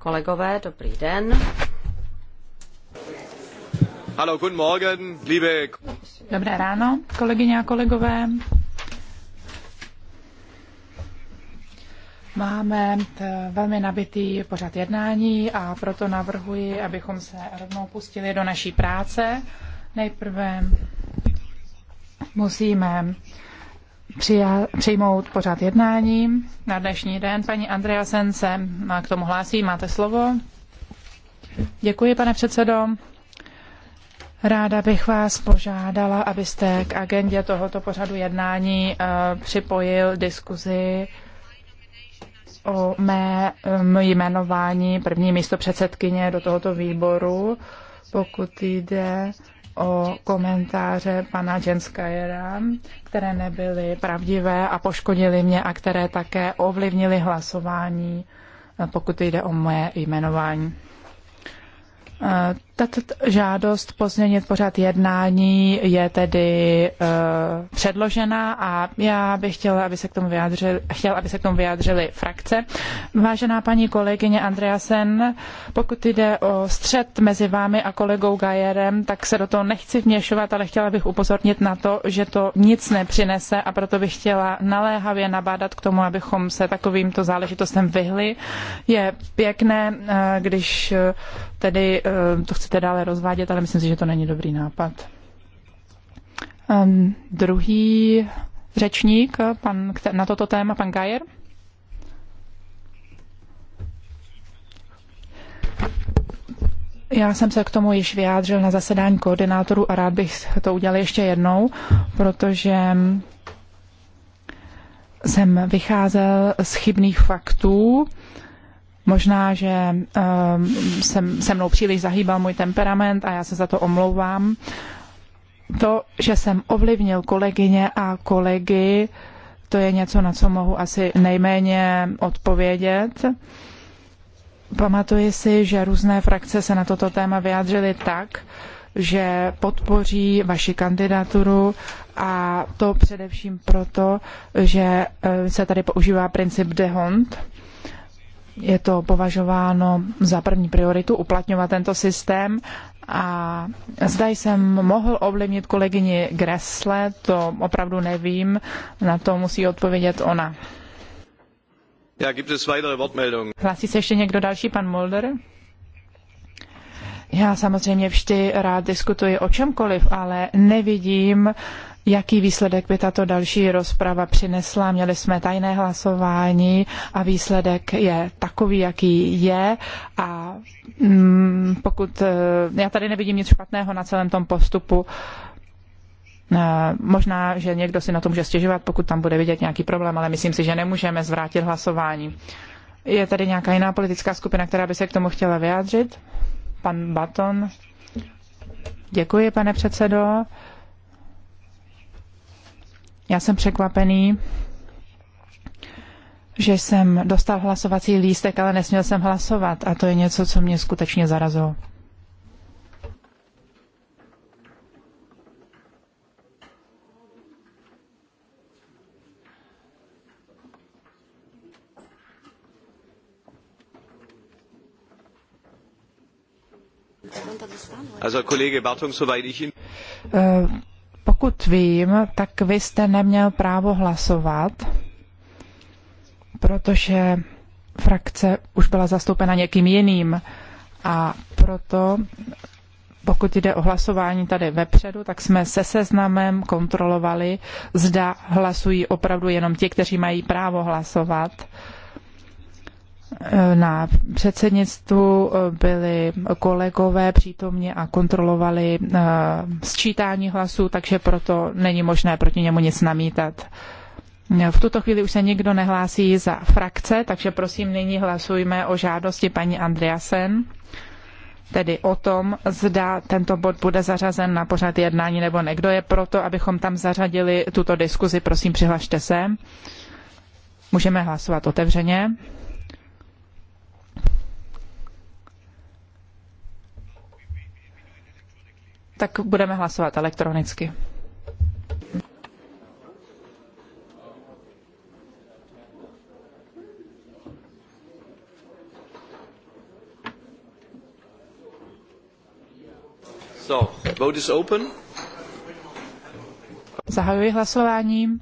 Kolegové, dobrý den. Hallo, guten Morgen, liebe... Dobré ráno, kolegyně a kolegové. Máme eh, velmi nabitý pořad jednání a proto navrhuji, abychom se rovnou pustili do naší práce. Nejprve musíme přijá, přijmout pořád jednání na dnešní den. Paní Andreasen se k tomu hlásí. Máte slovo. Děkuji, pane předsedo. Ráda bych vás požádala, abyste k agendě tohoto pořadu jednání eh, připojil diskuzi o mé eh, jmenování první místo předsedkyně do tohoto výboru, pokud jde o komentáře pana Jenskajera, které nebyly pravdivé a poškodily mě a které také ovlivnily hlasování, eh, pokud jde o moje jmenování. Eh, tato žádost pozměnit pořád jednání je tedy uh, předložena a já bych chtěla, aby se k tomu vyjádřili, chtěl, aby se k tomu vyjádřili frakce. Vážená paní kolegyně Andreasen, pokud jde o střed mezi vámi a kolegou Gajerem, tak se do toho nechci vměšovat, ale chtěla bych upozornit na to, že to nic nepřinese a proto bych chtěla naléhavě nabádat k tomu, abychom se takovýmto záležitostem vyhli. Je pěkné, uh, když uh, tedy to chci sice dále rozvádět, ale myslím si, že to není dobrý nápad. Um, druhý řečník pan, na toto téma, pan Gajer. Já jsem se k tomu již vyjádřil na zasedání koordinátorů a rád bych to udělal ještě jednou, protože jsem vycházel z chybných faktů Možná, že jsem ehm, se mnou příliš zahýbal můj temperament a já se za to omlouvám. To, že jsem ovlivnil kolegyně a kolegy, to je něco, na co mohu asi nejméně odpovědět. Pamatuji si, že různé frakce se na toto téma vyjádřily tak, že podpoří vaši kandidaturu a to především proto, že eh, se tady používá princip de Hond je to považováno za první prioritu uplatňovat tento systém a zda jsem mohl ovlivnit kolegyni Gressle, to opravdu nevím, na to musí odpovědět ona. Ja, gibt es weitere Wortmeldungen? Hlásí se ještě někdo další, pan Mulder? Já samozřejmě vždy rád diskutuji o čemkoliv, ale nevidím uh, jaký výsledek by tato další rozprava přinesla. Měli jsme tajné hlasování a výsledek je takový, jaký je a mm, pokud eh, já tady nevidím nic špatného na celém tom postupu, eh, Možná, že někdo si na to může stěžovat, pokud tam bude vidět nějaký problém, ale myslím si, že nemůžeme zvrátit hlasování. Je tady nějaká jiná politická skupina, která by se k tomu chtěla vyjádřit? Pan Baton. Děkuji, pane předsedo. Já jsem překvapený, že jsem dostal hlasovací lístek, ale nesměl jsem hlasovat a to je něco, co mě skutečně zarazilo. Also Kollege Bartung, soweit ich ihn... Uh, pokud vím, tak vy jste neměl právo hlasovat, protože frakce už byla zastoupena někým jiným. A proto, pokud jde o hlasování tady vepředu, tak jsme se seznamem kontrolovali, zda hlasují opravdu jenom ti, kteří mají právo hlasovat na předsednictvu eh, byli kolegové přítomni a kontrolovali eh, sčítání hlasů, takže proto není možné proti němu nic namítat. V tuto chvíli už se nikdo nehlásí za frakce, takže prosím nyní hlasujme o žádosti paní Andreasen, tedy o tom, zda tento bod bude zařazen na pořad jednání nebo ne. Kdo je proto, abychom tam zařadili tuto diskuzi, prosím přihlašte se. Můžeme hlasovat otevřeně. tak budeme hlasovat elektronicky. So, vote is open. Zahajuji hlasováním.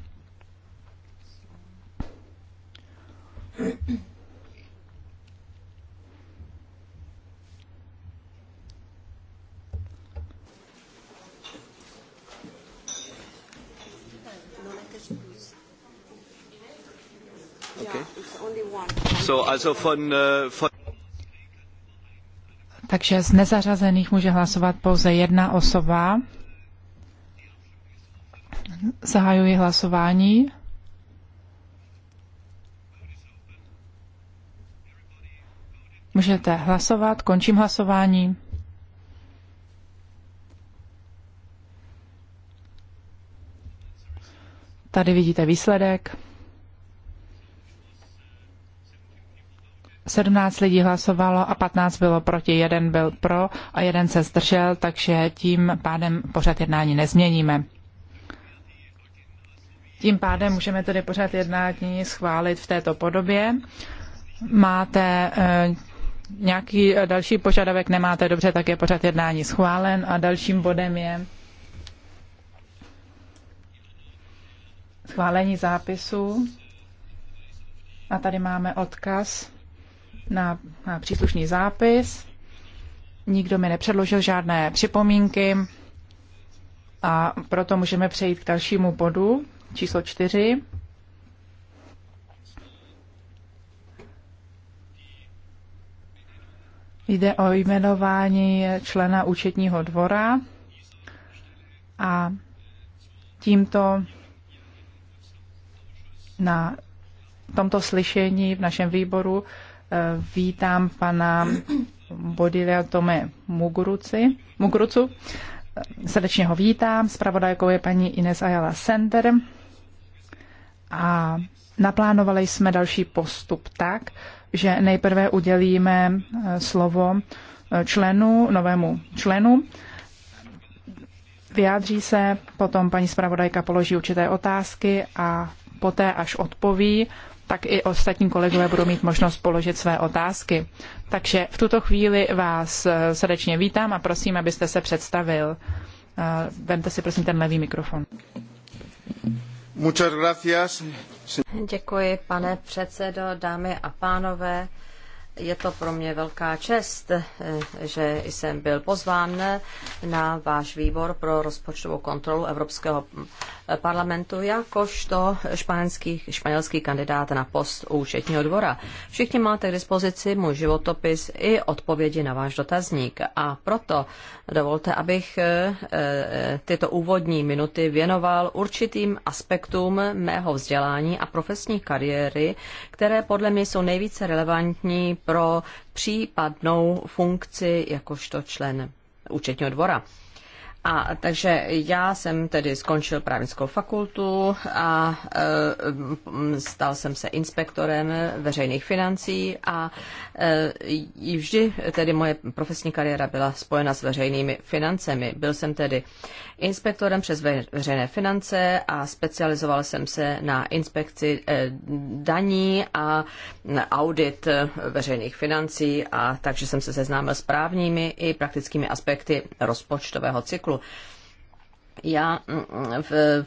Äh, Takže z nezařazených může hlasovat pouze jedna osoba. Zahajuji hlasování. Můžete hlasovat, končím hlasování. Tady vidíte výsledek. 17 lidí hlasovalo a 15 bylo proti, jeden byl pro a jeden se zdržel, takže tím pádem pořad jednání nezměníme. Tím pádem můžeme tedy pořad jednání schválit v této podobě. Máte eh, nějaký další požadavek nemáte, dobře, tak je pořad jednání schválen a dalším bodem je schválení zápisu. A tady máme odkaz na, na příslušný zápis. Nikdo mi nepředložil žádné připomínky a proto můžeme přejít k dalšímu bodu, číslo čtyři. Jde o jmenování člena účetního dvora a tímto na tomto slyšení v našem výboru vítám pana Bodilia Tome Muguruci, Mugurucu. Srdečně ho vítám. Spravodajkou je paní Ines Ayala Sender. A naplánovali jsme další postup tak, že nejprve udělíme eh, slovo eh, členu, novému členu. Vyjádří se, potom paní zpravodajka položí určité otázky a poté, až odpoví, tak i ostatní kolegové budou mít možnost položit své otázky. Takže v tuto chvíli vás eh, srdečně vítám a prosím, abyste se představil. Eh, vemte si prosím ten levý mikrofon. Děkuji, pane předsedo, dámy a pánové je to pro mě velká čest, eh, že jsem byl pozván na váš výbor pro rozpočtovou kontrolu Evropského eh, parlamentu jakožto španělský, španělský kandidát na post účetního dvora. Všichni máte k dispozici můj životopis i odpovědi na váš dotazník a proto dovolte, abych eh, tyto úvodní minuty věnoval určitým aspektům mého vzdělání a profesní kariéry, které podle mě jsou nejvíce relevantní pro případnou funkci jakožto člen účetního dvora. A takže já jsem tedy skončil právnickou fakultu a e, stal jsem se inspektorem veřejných financí a e, vždy tedy moje profesní kariéra byla spojena s veřejnými financemi. Byl jsem tedy inspektorem přes veřejné finance a specializoval jsem se na inspekci e, daní a audit e, veřejných financí a takže jsem se seznámil s právními i praktickými aspekty rozpočtového cyklu. Já Já mm, mm,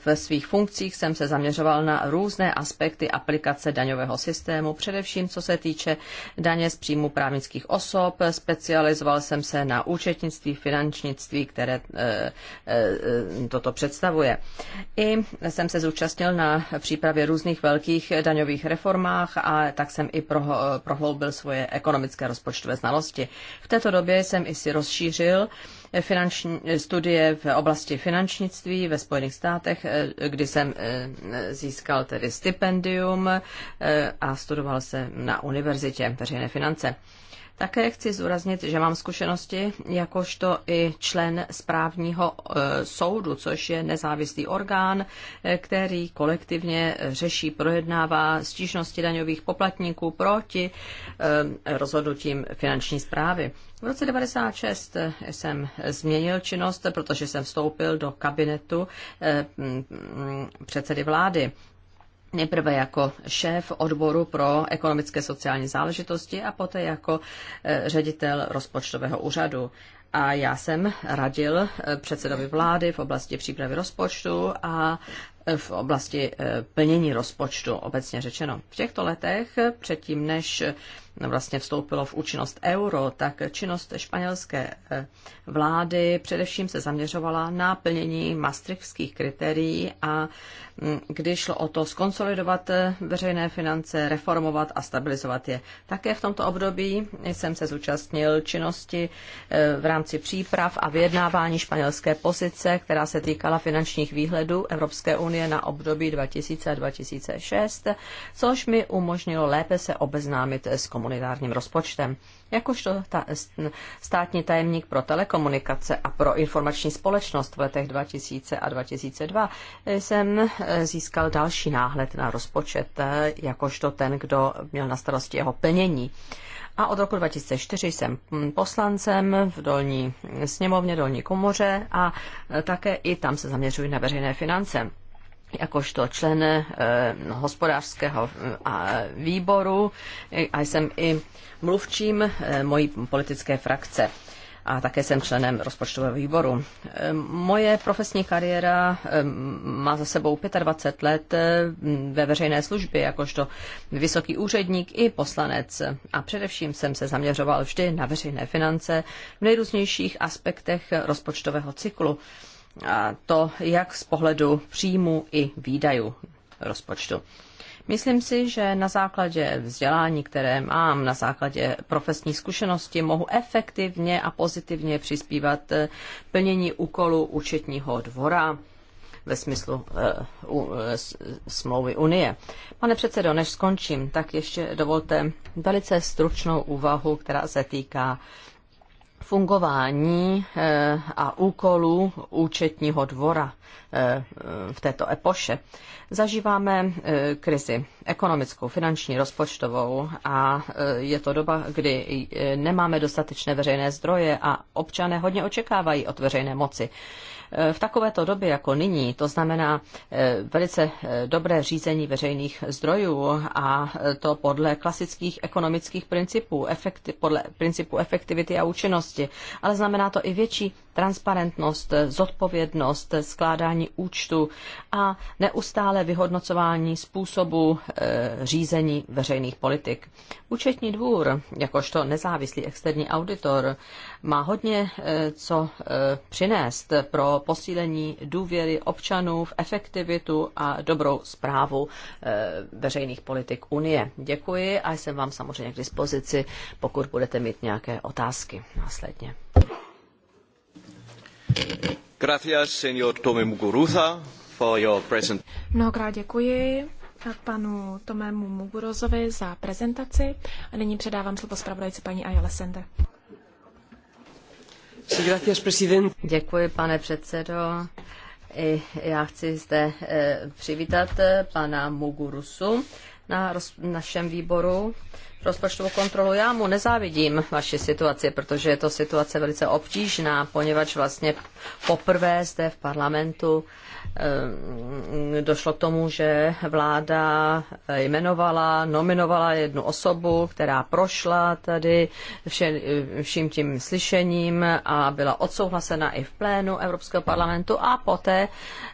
ve svých funkcích jsem se zaměřoval na různé aspekty aplikace daňového systému, především co se týče daně z příjmu právnických osob. Specializoval jsem se na účetnictví, finančnictví, které e, e, toto představuje. I jsem se zúčastnil na přípravě různých velkých daňových reformách a tak jsem i pro, prohloubil svoje ekonomické rozpočtové znalosti. V této době jsem i si rozšířil finanční eh, studie v oblasti finančnictví ve Spojených státech, eh, kdy jsem eh, získal tedy stipendium a studoval jsem na univerzitě veřejné finance. Také chci zúraznit, že mám zkušenosti jakožto i člen správního e, soudu, což je nezávislý orgán, e, který kolektivně řeší, projednává stížnosti daňových poplatníků proti e, rozhodnutím finanční zprávy. V roce 96 jsem změnil činnost, protože jsem vstoupil do kabinetu předsedy vlády. Nejprve jako šéf odboru pro ekonomické sociální záležitosti a poté jako eh, ředitel rozpočtového úřadu. A já jsem radil eh, předsedovi vlády v oblasti přípravy rozpočtu a v oblasti eh, plnění rozpočtu, obecně řečeno. V těchto letech, předtím než eh, vlastně vstoupilo v účinnost euro, tak činnost španělské eh, vlády především se zaměřovala na plnění maastrichtských kritérií a mm, když šlo o to skonsolidovat veřejné finance, reformovat a stabilizovat je. Také v tomto období jsem se zúčastnil činnosti v rámci příprav a vyjednávání španělské pozice, která se týkala finančních výhledů Evropské unie unie na období 2000 a 2006, což mi umožnilo lépe se obeznámit s komunitárním rozpočtem. Jakožto ta, státní tajemník pro telekomunikace a pro informační společnost v letech 2000 a 2002 jsem eh, získal další náhled na rozpočet, eh, jakožto ten, kdo měl na starosti jeho plnění a od roku 2004 jsem hm, poslancem v dolní hm, sněmovně, dolní komoře a eh, také i tam se zaměřuji na veřejné finance jakožto člen eh, hospodářského eh, výboru a jsem i mluvčím eh, mojí politické frakce a také jsem členem rozpočtového výboru. Eh, moje profesní kariéra eh, má za sebou 25 let eh, ve veřejné službě, jakožto vysoký úředník i poslanec. A především jsem se zaměřoval vždy na veřejné finance v nejrůznějších aspektech rozpočtového cyklu a to jak z pohledu příjmu i výdajů rozpočtu. Myslím si, že na základě vzdělání, které mám, na základě profesní zkušenosti, mohu efektivně a pozitivně přispívat eh, plnění úkolu účetního dvora ve smyslu uh, uh, smlouvy Unie. Pane předsedo, než skončím, tak ještě dovolte velice stručnou úvahu, která se týká uh, fungování eh, a úkolů účetního dvora eh, v této epoše. Zažíváme e, krizi ekonomickou, finanční, rozpočtovou a e, je to doba, kdy e, nemáme dostatečné veřejné zdroje a občané hodně očekávají od veřejné moci. V takovéto době jako nyní, to znamená velice dobré řízení veřejných zdrojů a to podle klasických ekonomických principů, efekti, podle principu efektivity a účinnosti, ale znamená to i větší transparentnost, zodpovědnost, skládání účtu a neustále nezávislé vyhodnocování způsobu e, řízení veřejných politik. Účetní dvůr, jakožto nezávislý externí auditor, má hodně e, co e, přinést pro posílení důvěry občanů v efektivitu a dobrou zprávu e, veřejných politik Unie. Děkuji a jsem vám samozřejmě k dispozici, pokud budete mít nějaké otázky následně. Gracias, señor Tome Muguruza for your present. Mnohokrát děkuji panu Tomému Mugurozovi za prezentaci a nyní předávám slovo zpravodajci paní Ayala Sende. Děkuji, pane předsedo. I já chci zde eh, přivítat eh, pana Mugurusu na našem výboru rozpočtovou kontrolu. Já mu nezávidím vaši situaci, protože je to situace velice obtížná, poněvadž vlastně poprvé zde v parlamentu eh, došlo k tomu, že vláda jmenovala, nominovala jednu osobu, která prošla tady vše, vším tím slyšením a byla odsouhlasena i v plénu Evropského parlamentu a poté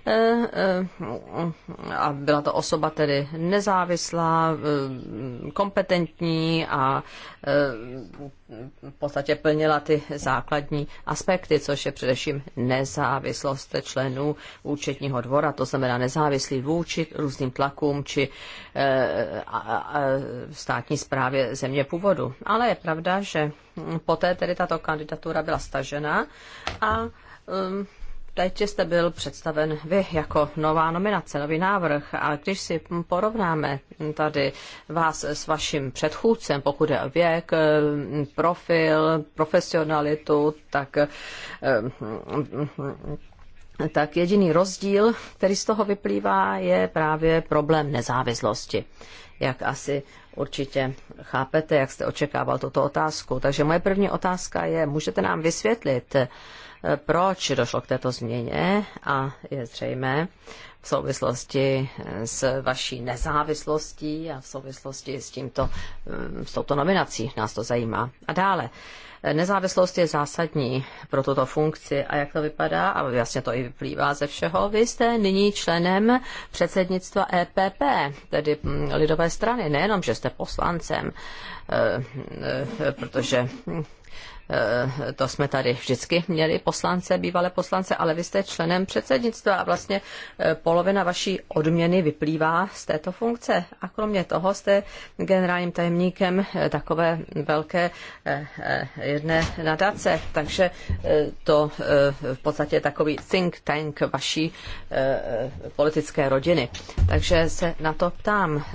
eh, eh, a byla to osoba tedy nezávislá, kompetentní, vzdělání a eh, v podstatě plnila ty základní aspekty, což je především nezávislost členů účetního dvora, to znamená nezávislý vůči různým tlakům či eh, státní správě země původu. Ale je pravda, že poté tedy tato kandidatura byla stažena a eh, Teď jste byl představen vy jako nová nominace, nový návrh a když si porovnáme tady vás s vaším předchůdcem, pokud je věk, profil, profesionalitu, tak eh, tak jediný rozdíl, který z toho vyplývá, je právě problém nezávislosti. Jak asi určitě chápete, jak jste očekával tuto otázku. Takže moje první otázka je, můžete nám vysvětlit, eh, proč došlo k této změně a je zřejmé, v souvislosti s vaší nezávislostí a v souvislosti s, tímto, mm, s touto nominací. Nás to zajímá. A dále. Nezávislost je zásadní pro tuto funkci a jak to vypadá, a jasně to i vyplývá ze všeho, vy jste nyní členem předsednictva EPP, tedy mm, Lidové strany, nejenom, že jste poslancem, eh, eh, protože Eh, to jsme tady vždycky měli poslance, bývalé poslance, ale vy jste členem předsednictva a vlastně eh, polovina vaší odměny vyplývá z této funkce. A kromě toho jste generálním tajemníkem eh, takové velké jedné nadace, takže to v podstatě je takový think tank vaší politické rodiny. Takže se na to ptám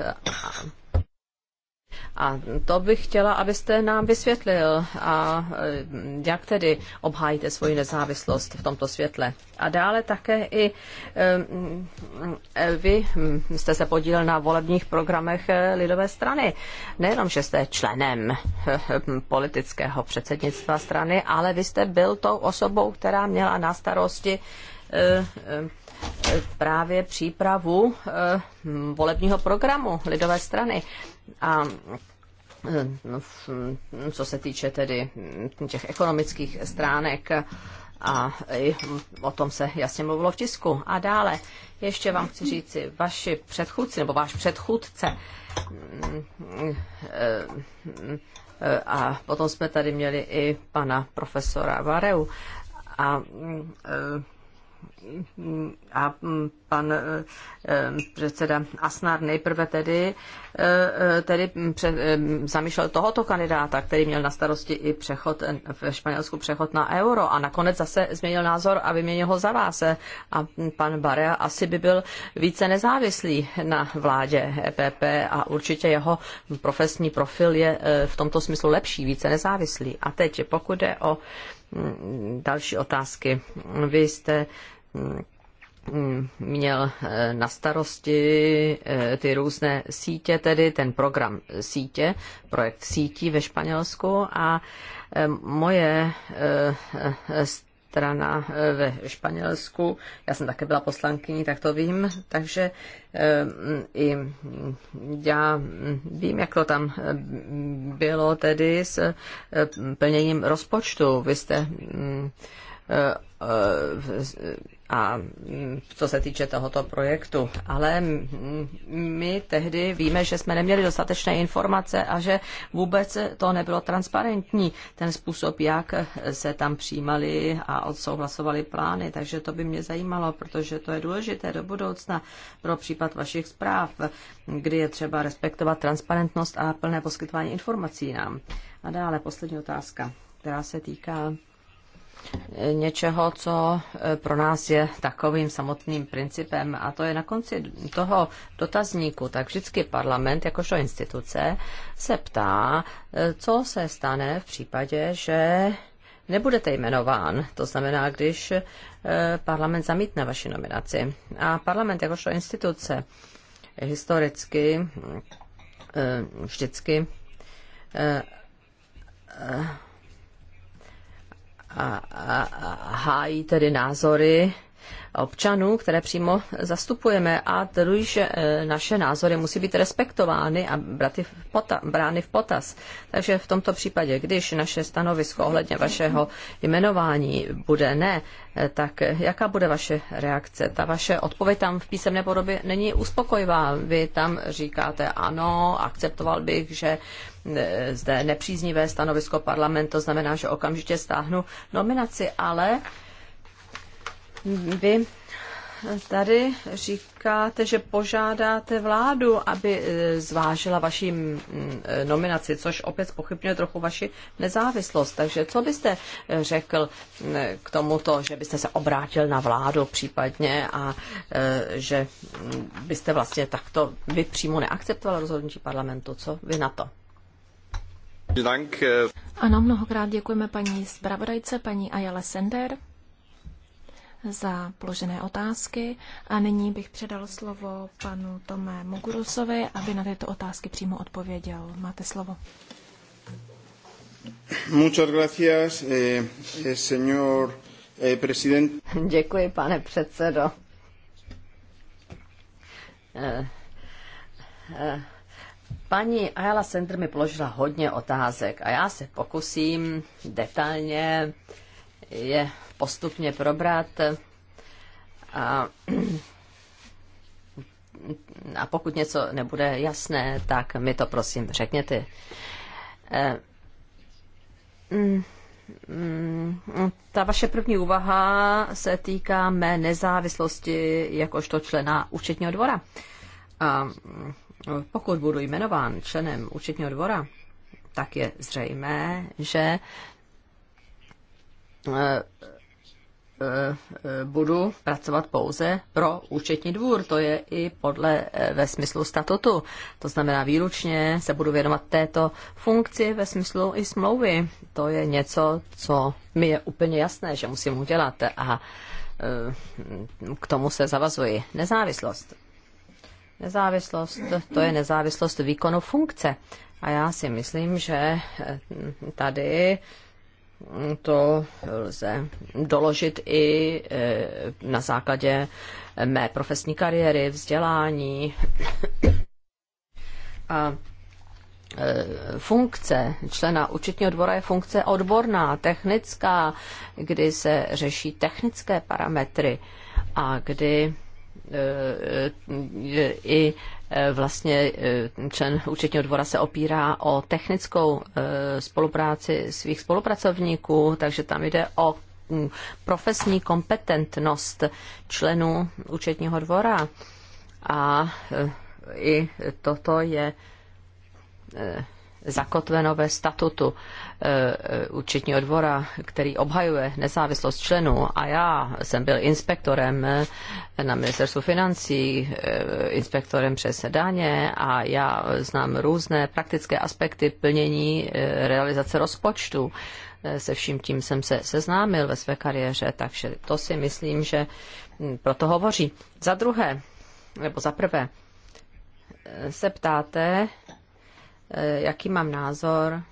a to bych chtěla, abyste nám vysvětlil, a eh, jak tedy obhájíte svoji nezávislost v tomto světle. A dále také i eh, vy hm, jste se podílel na volebních programech eh, Lidové strany. Nejenom, že jste členem hm, politického předsednictva strany, ale vy jste byl tou osobou, která měla na starosti právě přípravu hm, volebního programu Lidové strany. A eh, co se týče tedy těch ekonomických stránek, a i o tom se jasně mluvilo v tisku. A dále, ještě vám chci říci, vaši předchůdci nebo váš předchůdce eh, a potom jsme tady měli i pana profesora Vareu a eh, a mm, pan eh, předseda Asnar nejprve tedy, eh, eh, tedy před, zamýšlel tohoto kandidáta, který měl na starosti i přechod ve Španělsku přechod na euro a nakonec zase změnil názor a vyměnil ho za vás. A mm, pan Barea asi by byl více nezávislý na vládě EPP a určitě jeho profesní profil je v tomto smyslu lepší, více nezávislý. A teď, pokud je o Další otázky. Vy jste mm, měl eh, na starosti eh, ty různé sítě, tedy ten program sítě, projekt sítí ve Španělsku a eh, moje strana eh, ve Španělsku. Já jsem také byla poslankyní, tak to vím, takže eh, i mm, já mm, vím, jak to tam eh, bylo tedy s plněním rozpočtu. Vy jste mm, a co se týče tohoto projektu. Ale my tehdy víme, že jsme neměli dostatečné informace a že vůbec to nebylo transparentní, ten způsob, jak se tam přijímali a odsouhlasovali plány. Takže to by mě zajímalo, protože to je důležité do budoucna pro případ vašich zpráv, kdy je třeba respektovat transparentnost a plné poskytování informací nám. A dále poslední otázka, která se týká něčeho, co e, pro nás je takovým samotným principem a to je na konci toho dotazníku, tak vždycky parlament jakožto instituce se ptá, e, co se stane v případě, že nebudete jmenován. To znamená, když e, parlament zamítne vaši nominaci. A parlament jakožto instituce historicky vždycky a, a, a hájí tedy názory občanů, které přímo zastupujeme a tedy, že e, naše názory musí být respektovány a braty v pota, brány v potaz. Takže v tomto případě, když naše stanovisko ohledně vašeho jmenování bude ne, e, tak jaká bude vaše reakce? Ta vaše odpověď tam v písemné podobě není uspokojivá. Vy tam říkáte ano, akceptoval bych, že e, zde nepříznivé stanovisko parlamentu, znamená, že okamžitě stáhnu nominaci, ale vy tady říkáte, že požádáte vládu, aby e, zvážila vaši e, nominaci, což opět pochybňuje trochu vaši nezávislost. Takže co byste e, řekl k tomuto, že byste se obrátil na vládu případně a že byste vlastně takto vy přímo neakceptoval rozhodnutí parlamentu? Co vy na to? Ano, mnohokrát děkujeme paní zpravodajce, paní Ayala Sender za položené otázky a nyní bych předal slovo panu Tomé Mogurusovi, aby na tyto otázky přímo odpověděl. Máte slovo. Muchas gracias, eh, eh señor eh, Děkuji, pane předsedo. Eh, eh. Paní Ayala Center mi položila hodně otázek a já se pokusím detailně je postupně probrat. A, a pokud něco nebude jasné, tak mi to prosím řekněte. E, mm, mm, ta vaše první úvaha se týká mé nezávislosti jakožto člena účetního dvora. A mm, pokud budu jmenován členem účetního dvora, tak je zřejmé, že e, Eh, eh, budu pracovat pouze pro účetní dvůr, to je i podle eh, ve smyslu statutu. To znamená výlučně se budu věnovat této funkci ve smyslu i smlouvy. To je něco, co mi je úplně jasné, že musím udělat a k tomu se zavazuji. Nezávislost. Nezávislost, to je nezávislost výkonu funkce. A já si myslím, že tady to lze doložit i e, na základě mé profesní kariéry, vzdělání a e, funkce člena účetního dvora je funkce odborná, technická, kdy se řeší technické parametry a kdy e, i Eh, vlastně eh, člen účetního dvora se opírá o technickou eh, spolupráci svých spolupracovníků, takže tam jde o mm, profesní kompetentnost členů účetního dvora. A i toto je zakotveno ve statutu eh, eh, účetního dvora, který obhajuje nezávislost členů. A já jsem byl inspektorem eh, na ministerstvu financí, inspektorem přes daně a já znám různé praktické aspekty plnění realizace rozpočtu. Se vším tím jsem se seznámil ve své kariéře, takže to si myslím, že hm, proto hovoří. Za druhé, nebo za prvé, se ptáte, Eh, jaký mám názor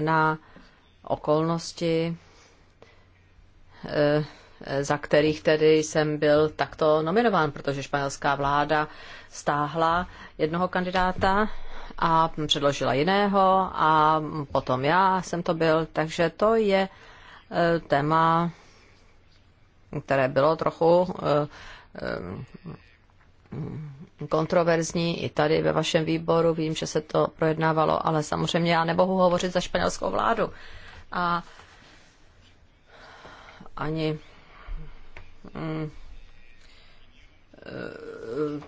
na okolnosti, eh, za kterých tedy jsem byl takto nominován, protože španělská vláda stáhla jednoho kandidáta a předložila jiného a potom já jsem to byl, takže to je eh, téma, které bylo trochu kontroverzní i tady ve vašem výboru. Vím, že se to projednávalo, ale samozřejmě já nemohu hovořit za španělskou vládu. A ani. Mm, eh,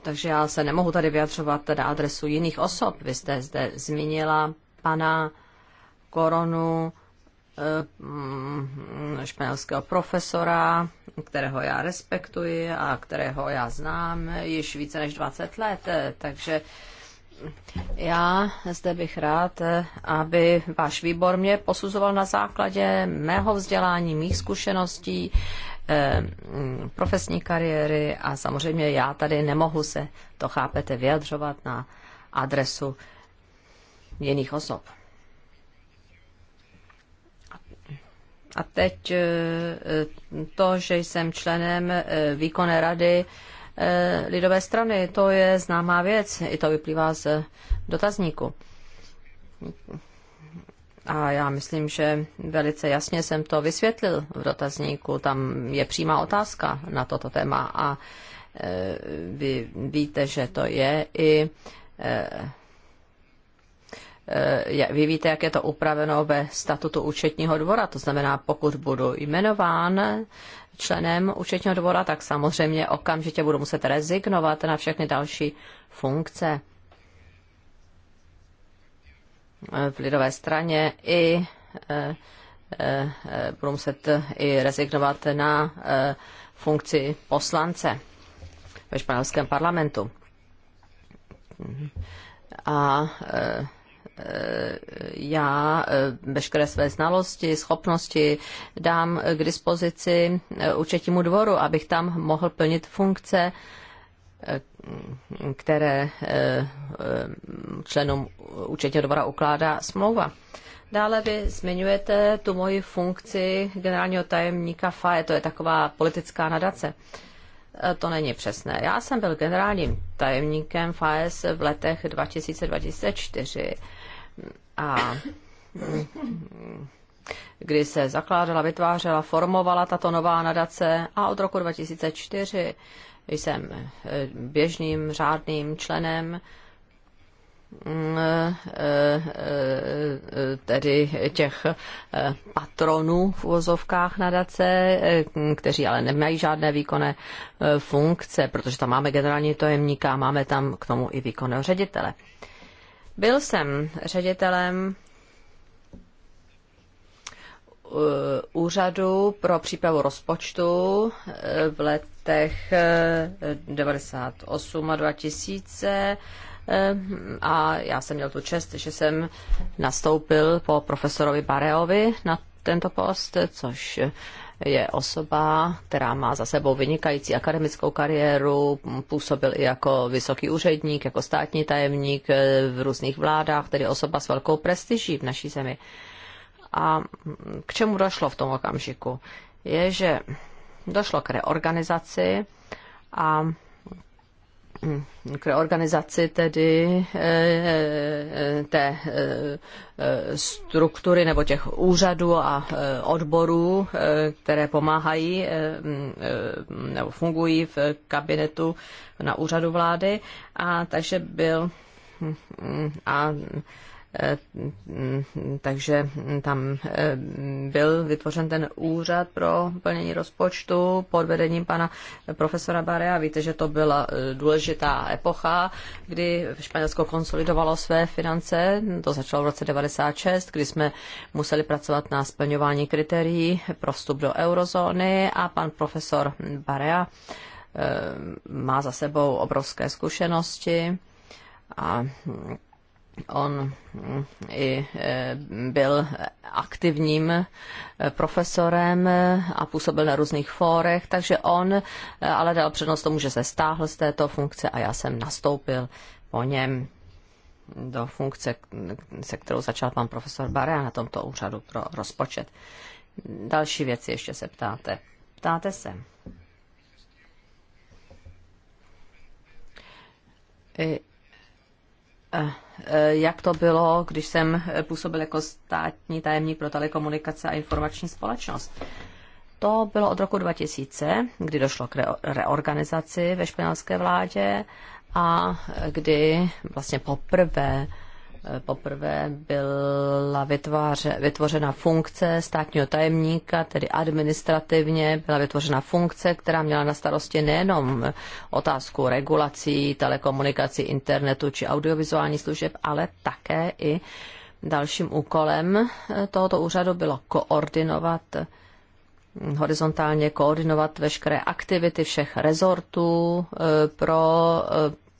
takže já se nemohu tady vyjadřovat na adresu jiných osob. Vy jste zde zmínila pana Koronu, Eh, španělského profesora, kterého já respektuji a kterého já znám již více než 20 let, takže já zde bych rád, aby váš výbor mě posuzoval na základě mého vzdělání, mých zkušeností, eh, profesní kariéry a samozřejmě já tady nemohu se, to chápete, vyjadřovat na adresu jiných osob. A teď eh, eh, to, že jsem členem eh, výkonné rady lidové strany, to je známá věc, i to vyplývá z dotazníku. A já myslím, že velice jasně jsem to vysvětlil v dotazníku. Tam je přímá otázka na toto téma a vy víte, že to je i Eh, vy víte, jak je to upraveno ve statutu účetního dvora, to znamená, pokud budu jmenován členem účetního dvora, tak samozřejmě okamžitě budu muset rezignovat na všechny další funkce eh, v lidové straně i eh, budu muset i rezignovat na funkci poslance ve španělském parlamentu. A Eh, já eh, veškeré své znalosti, schopnosti dám k dispozici eh, účetnímu dvoru, abych tam mohl plnit funkce, které členům účetního dvora ukládá smlouva. Dále vy zmiňujete tu moji funkci generálního tajemníka FAE, to je taková politická nadace. To není přesné. Já jsem byl generálním tajemníkem FAES v letech 2024 a kdy se zakládala, vytvářela, formovala tato nová nadace a od roku 2004 jsem eh, běžným řádným členem mm, eh, eh, tedy těch patronů v uvozovkách nadace, kteří ale nemají žádné výkonné funkce, protože tam máme generální tajemníka, máme tam k tomu i výkonného ředitele. Byl jsem ředitelem eh, úřadu pro přípravu rozpočtu eh, v letech 98 eh, a 2000 a já jsem měl tu čest, že jsem nastoupil po profesorovi Bareovi na tento post, což je osoba, která má za sebou vynikající akademickou kariéru, působil i jako vysoký úředník, jako státní tajemník eh, v různých vládách, tedy osoba s velkou prestiží v naší zemi. A k čemu došlo v tom okamžiku? Je, že došlo k reorganizaci a k reorganizaci tedy eh, eh, té eh, struktury nebo těch úřadů a odborů, které pomáhají mm, nebo fungují v kabinetu na úřadu vlády. A takže byl hm, hm, a Eh, takže tam eh, byl vytvořen ten úřad pro plnění rozpočtu pod vedením pana profesora Barea. Víte, že to byla eh, důležitá epocha, kdy Španělsko konsolidovalo své finance. To začalo v roce 96, kdy jsme museli pracovat na splňování kritérií pro vstup do eurozóny a pan profesor Barea má za sebou obrovské zkušenosti a hm, On mm, i e, byl aktivním e, profesorem e, a působil na různých fórech, takže on ale dal přednost tomu, že se stáhl z této funkce a já jsem nastoupil po něm do funkce, se kterou začal pan profesor Barea na tomto úřadu pro rozpočet. Další věci ještě se ptáte. Ptáte se. I, uh, Eh, jak to bylo, když jsem eh, působil jako státní tajemník pro telekomunikace a informační společnost. To bylo od roku 2000, kdy došlo k reorganizaci ve španělské vládě a eh, kdy vlastně poprvé Eh, poprvé byla vytvořena funkce státního tajemníka, tedy administrativně byla vytvořena funkce, která měla na starosti nejenom otázku regulací, telekomunikací, internetu či audiovizuální služeb, ale také i dalším úkolem eh, tohoto úřadu bylo koordinovat hm, horizontálně koordinovat veškeré aktivity všech rezortů eh, pro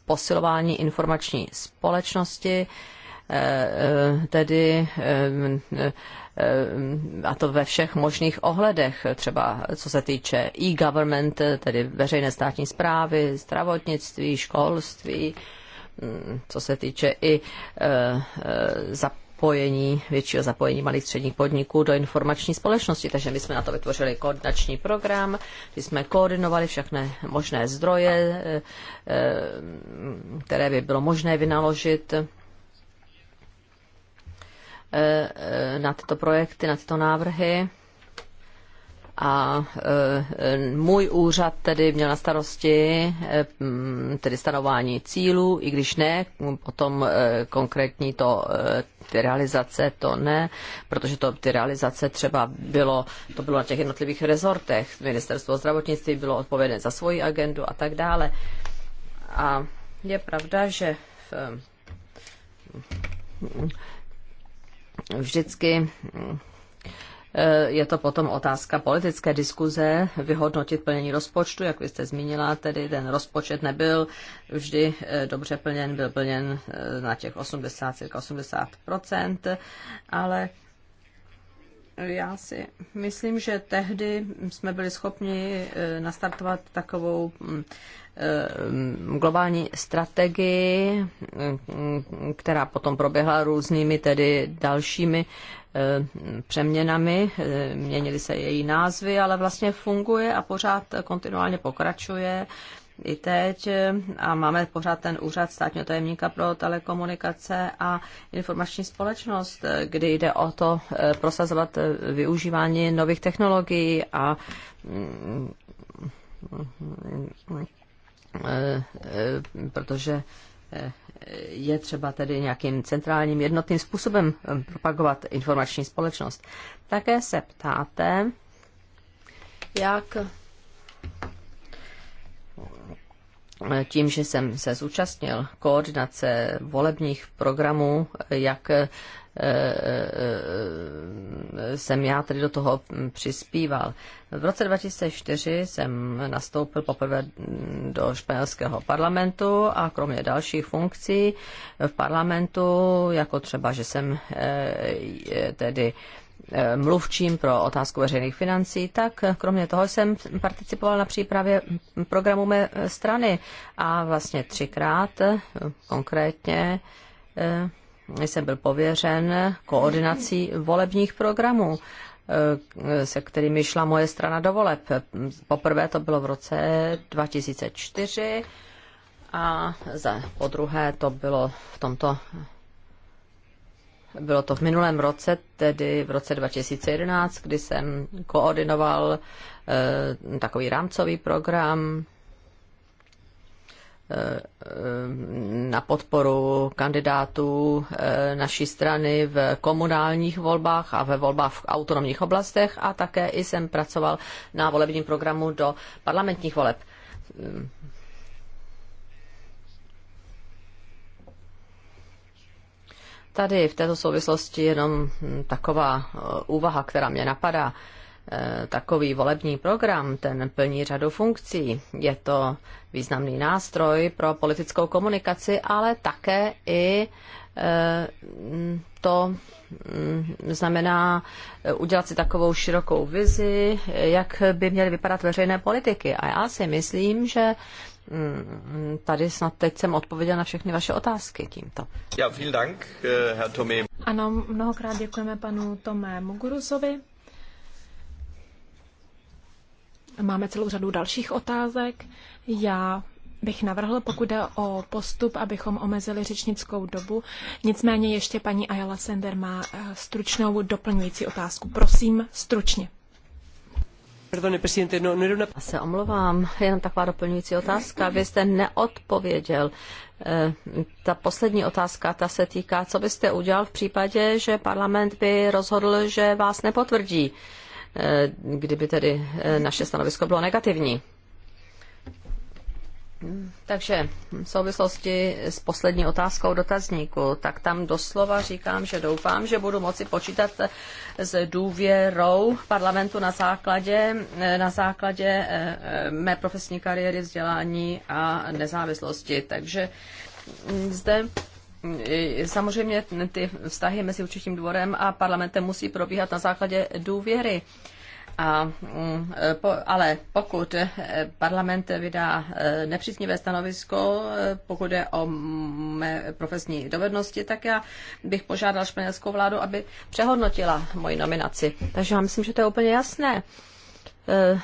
posilování informační společnosti Eh, eh, tedy eh, a to ve všech možných ohledech, třeba co se týče e-government, tedy veřejné státní zprávy, zdravotnictví, školství, hm, co se týče i zapojení, většího zapojení malých středních podniků do informační společnosti. Takže my jsme na to vytvořili koordinační program, kdy jsme koordinovali všechny možné zdroje, které by bylo možné vynaložit Eh, eh, na tyto projekty, na tyto návrhy. A eh, můj úřad tedy měl na starosti tedy stanování cílů, i když ne, potom konkrétní to ty realizace to ne, protože to ty realizace třeba bylo, to bylo na těch jednotlivých rezortech, ministerstvo zdravotnictví bylo odpovědné za svoji agendu a tak dále. A je pravda, že v, vždycky eh, je to potom otázka politické diskuze, vyhodnotit plnění rozpočtu, jak vy jste zmínila, tedy ten rozpočet nebyl vždy eh, dobře plněn, byl plněn eh, na těch 80, 80%, ale já si myslím, že tehdy jsme byli schopni eh, nastartovat takovou mm, eh, globální strategii, mm, která potom proběhla různými tedy dalšími eh, přeměnami, měnily se její názvy, ale vlastně funguje a pořád kontinuálně pokračuje i teď a máme pořád ten úřad státního tajemníka pro telekomunikace a informační společnost, kdy jde o to eh, prosazovat eh, využívání nových technologií a mm, eh, protože je třeba tedy nějakým centrálním jednotným způsobem propagovat informační společnost. Také se ptáte, jak tím, že jsem se zúčastnil koordinace volebních programů, jak eh, eh, jsem já tedy do toho přispíval. V roce 2004 jsem nastoupil poprvé do španělského parlamentu a kromě dalších funkcí v parlamentu, jako třeba, že jsem eh, tedy Eh, mluvčím pro otázku veřejných financí, tak eh, kromě toho jsem participoval na přípravě programu mé eh, strany a vlastně třikrát konkrétně jsem byl pověřen koordinací volebních programů se kterými šla moje strana do voleb. Poprvé to bylo v roce 2004 a za, po druhé to bylo v tomto bylo to v minulém roce, tedy v roce 2011, kdy jsem koordinoval eh, takový rámcový program eh, na podporu kandidátů eh, naší strany v komunálních volbách a ve volbách v autonomních oblastech a také i jsem pracoval na volebním programu do parlamentních voleb Tady v této souvislosti jenom hm, taková eh, úvaha, která mě napadá. Eh, takový volební program, ten plní řadu funkcí. Je to významný nástroj pro politickou komunikaci, ale také i eh, hm, to hm, znamená udělat si takovou širokou vizi, jak by měly vypadat veřejné politiky. A já si myslím, že Mm, tady snad teď jsem odpověděl na všechny vaše otázky tímto. Ja, vielen Dank, eh, Herr Tomé. Ano, mnohokrát děkujeme panu Tomé Mugurusovi. Máme celou řadu dalších otázek. Já bych navrhl, pokud jde o postup, abychom omezili řečnickou dobu. Nicméně ještě paní Ayala Sender má eh, stručnou doplňující otázku. Prosím, stručně. No, no Já Se omlouvám, jenom taková doplňující otázka. Vy jste neodpověděl. Eh, ta poslední otázka, ta se týká, co byste udělal v případě, že parlament by rozhodl, že vás nepotvrdí, eh, kdyby tedy eh, naše stanovisko bylo negativní. Takže v souvislosti s poslední otázkou dotazníku, tak tam doslova říkám, že doufám, že budu moci počítat s důvěrou parlamentu na základě, na základě eh, eh, mé profesní kariéry, vzdělání a nezávislosti. Takže mm, zde eh, samozřejmě ty vztahy mezi určitým dvorem a parlamentem musí probíhat na základě důvěry. A, mm, po, ale pokud parlament vydá eh, nepříznivé stanovisko, eh, pokud je o mé profesní dovednosti, tak já bych požádal španělskou vládu, aby přehodnotila moji nominaci. Takže já myslím, že to je úplně jasné. Eh,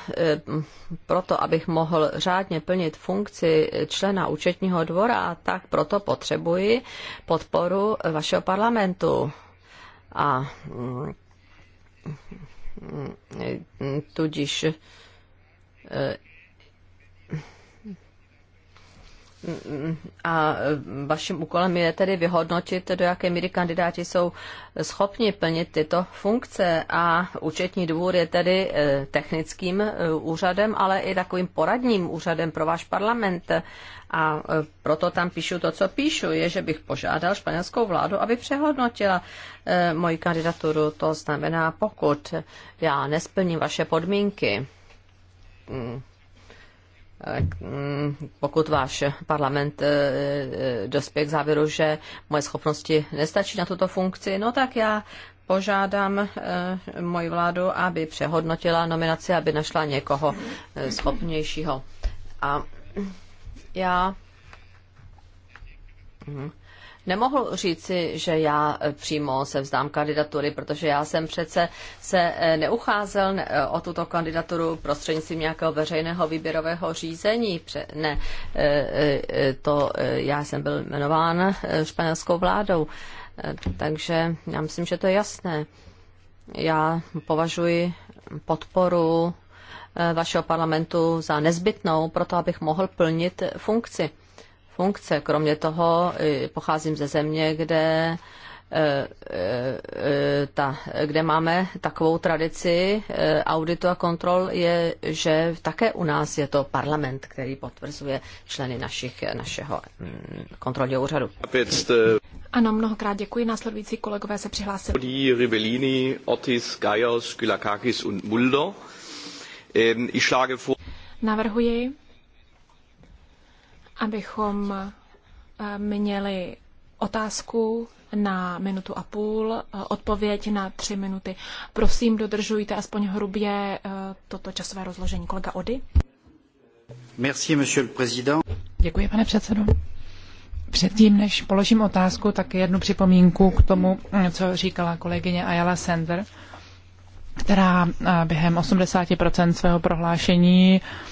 proto, abych mohl řádně plnit funkci člena účetního dvora, tak proto potřebuji podporu vašeho parlamentu. A mm, tudíž eh, a vaším úkolem je tedy vyhodnotit, do jaké míry kandidáti jsou schopni plnit tyto funkce a účetní dvůr je tedy eh, technickým eh, úřadem, ale i takovým poradním úřadem pro váš parlament. A eh, proto tam píšu to, co píšu, je, že bych požádal španělskou vládu, aby přehodnotila moji kandidaturu. To znamená, pokud já nesplním vaše podmínky, mm, Mm, pokud váš parlament e, e, dospěje k závěru, že moje schopnosti nestačí na tuto funkci, no tak já požádám e, moji vládu, aby přehodnotila nominaci, aby našla někoho schopnějšího. A já mm, nemohl říci, že já eh, přímo se vzdám kandidatury, protože já jsem přece se eh, neucházel eh, o tuto kandidaturu prostřednictvím nějakého veřejného výběrového řízení. Ne, to já jsem byl jmenován španělskou vládou. Takže já myslím, že to je jasné. Já považuji podporu vašeho parlamentu za nezbytnou proto abych mohl plnit funkci funkce. Kromě toho pocházím ze země, kde e, e, e, ta, kde máme takovou tradici auditu a kontrol, je, že také u nás je to parlament, který potvrzuje členy našich, našeho mm, kontrolního úřadu. Ano, mnohokrát děkuji. Následující kolegové se přihlásili. Rivellini, Otis, Gajos, Skylakakis und Mulder. Ehm, Navrhuji, abychom eh, měli otázku na minutu a půl, eh, odpověď na tři minuty. Prosím, dodržujte aspoň hrubě eh, toto časové rozložení. Kolega Ody. Merci, monsieur le président. Děkuji, pane předsedo. Předtím, než položím otázku, tak jednu připomínku k tomu, co říkala kolegyně Ayala Sender, která během 80% svého prohlášení uh,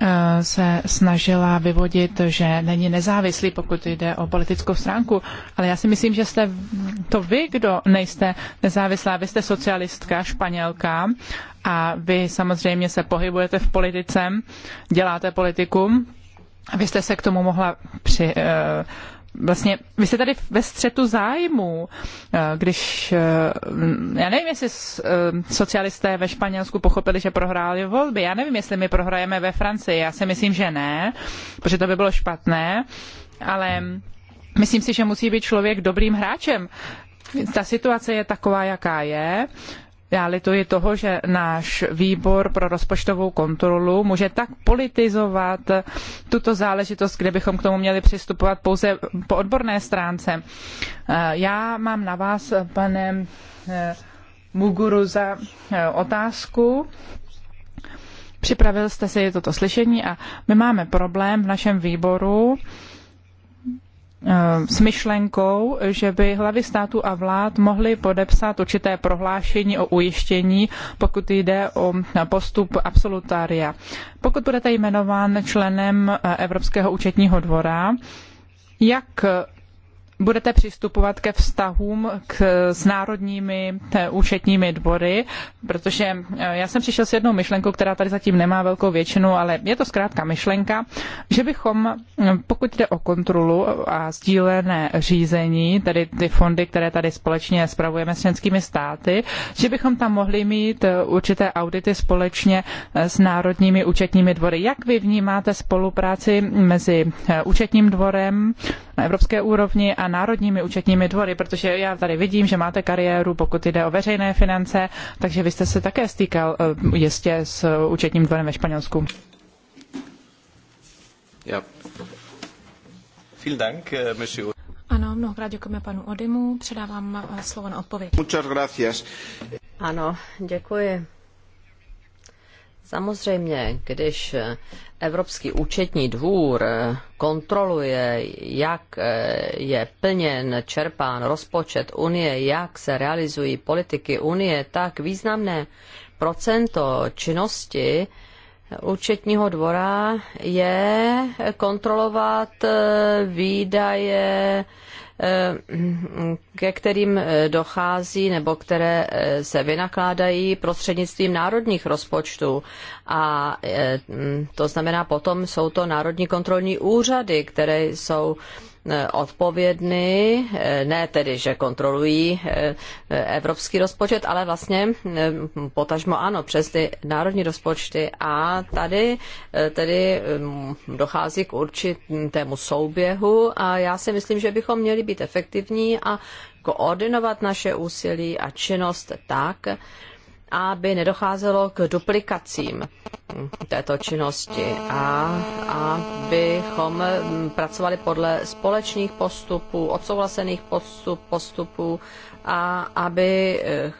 Eh, se snažila vyvodit, že není nezávislý, pokud jde o politickou stránku. Ale já si myslím, že jste to vy, kdo nejste nezávislá. Vy jste socialistka, španělka a vy samozřejmě se pohybujete v politice, děláte politiku. Vy jste se k tomu mohla při, eh, vlastně, vy jste tady ve střetu zájmu, eh, když, eh, já nevím, jestli eh, socialisté ve Španělsku pochopili, že prohráli volby, já nevím, jestli my prohrajeme ve Francii, já si myslím, že ne, protože to by bylo špatné, ale myslím si, že musí být člověk dobrým hráčem. Ta situace je taková, jaká je já lituji toho, že náš výbor pro rozpočtovou kontrolu může tak politizovat tuto záležitost, kde bychom k tomu měli přistupovat pouze po odborné stránce. Eh, já mám na vás, pane eh, Muguru, za eh, otázku. Připravil jste si toto slyšení a my máme problém v našem výboru, Eh, s myšlenkou, že by hlavy států a vlád mohly podepsat určité prohlášení o ujištění, pokud jde o postup absolutária. Pokud budete jmenován členem eh, Evropského účetního dvora, jak budete přistupovat ke vztahům k, s národními te, eh, účetními dvory, protože eh, já jsem přišel s jednou myšlenkou, která tady zatím nemá velkou většinu, ale je to zkrátka myšlenka, že bychom, hm, pokud jde o kontrolu a sdílené řízení, tedy ty fondy, které tady společně spravujeme s členskými státy, že bychom tam mohli mít eh, určité audity společně s národními účetními dvory. Jak vy vnímáte spolupráci mezi účetním dvorem, na evropské úrovni a národními účetními dvory, protože já tady vidím, že máte kariéru, pokud jde o veřejné finance, takže vy jste se také stýkal eh, jistě s účetním dvorem ve Španělsku. Ja. Dank, eh, Ano, mnohokrát děkujeme panu Odimu. Předávám eh, slovo na odpověď. Muchas gracias. Ano, děkuji. Samozřejmě, když Evropský účetní dvůr kontroluje, jak je plněn, čerpán rozpočet Unie, jak se realizují politiky Unie, tak významné procento činnosti účetního dvora je kontrolovat výdaje Eh, ke kterým eh, dochází nebo které eh, se vynakládají prostřednictvím národních rozpočtů. A to znamená, potom jsou to národní kontrolní úřady, které jsou Eh, odpovědny, eh, ne tedy, že kontrolují eh, evropský rozpočet, ale vlastně potažmo ano, přes ty národní rozpočty a tady tedy mm, dochází k určitému souběhu a já si myslím, že bychom měli být efektivní a koordinovat naše úsilí a činnost tak, aby nedocházelo k duplikacím této činnosti a abychom pracovali podle společných postupů, odsouhlasených postup, postupů a aby eh,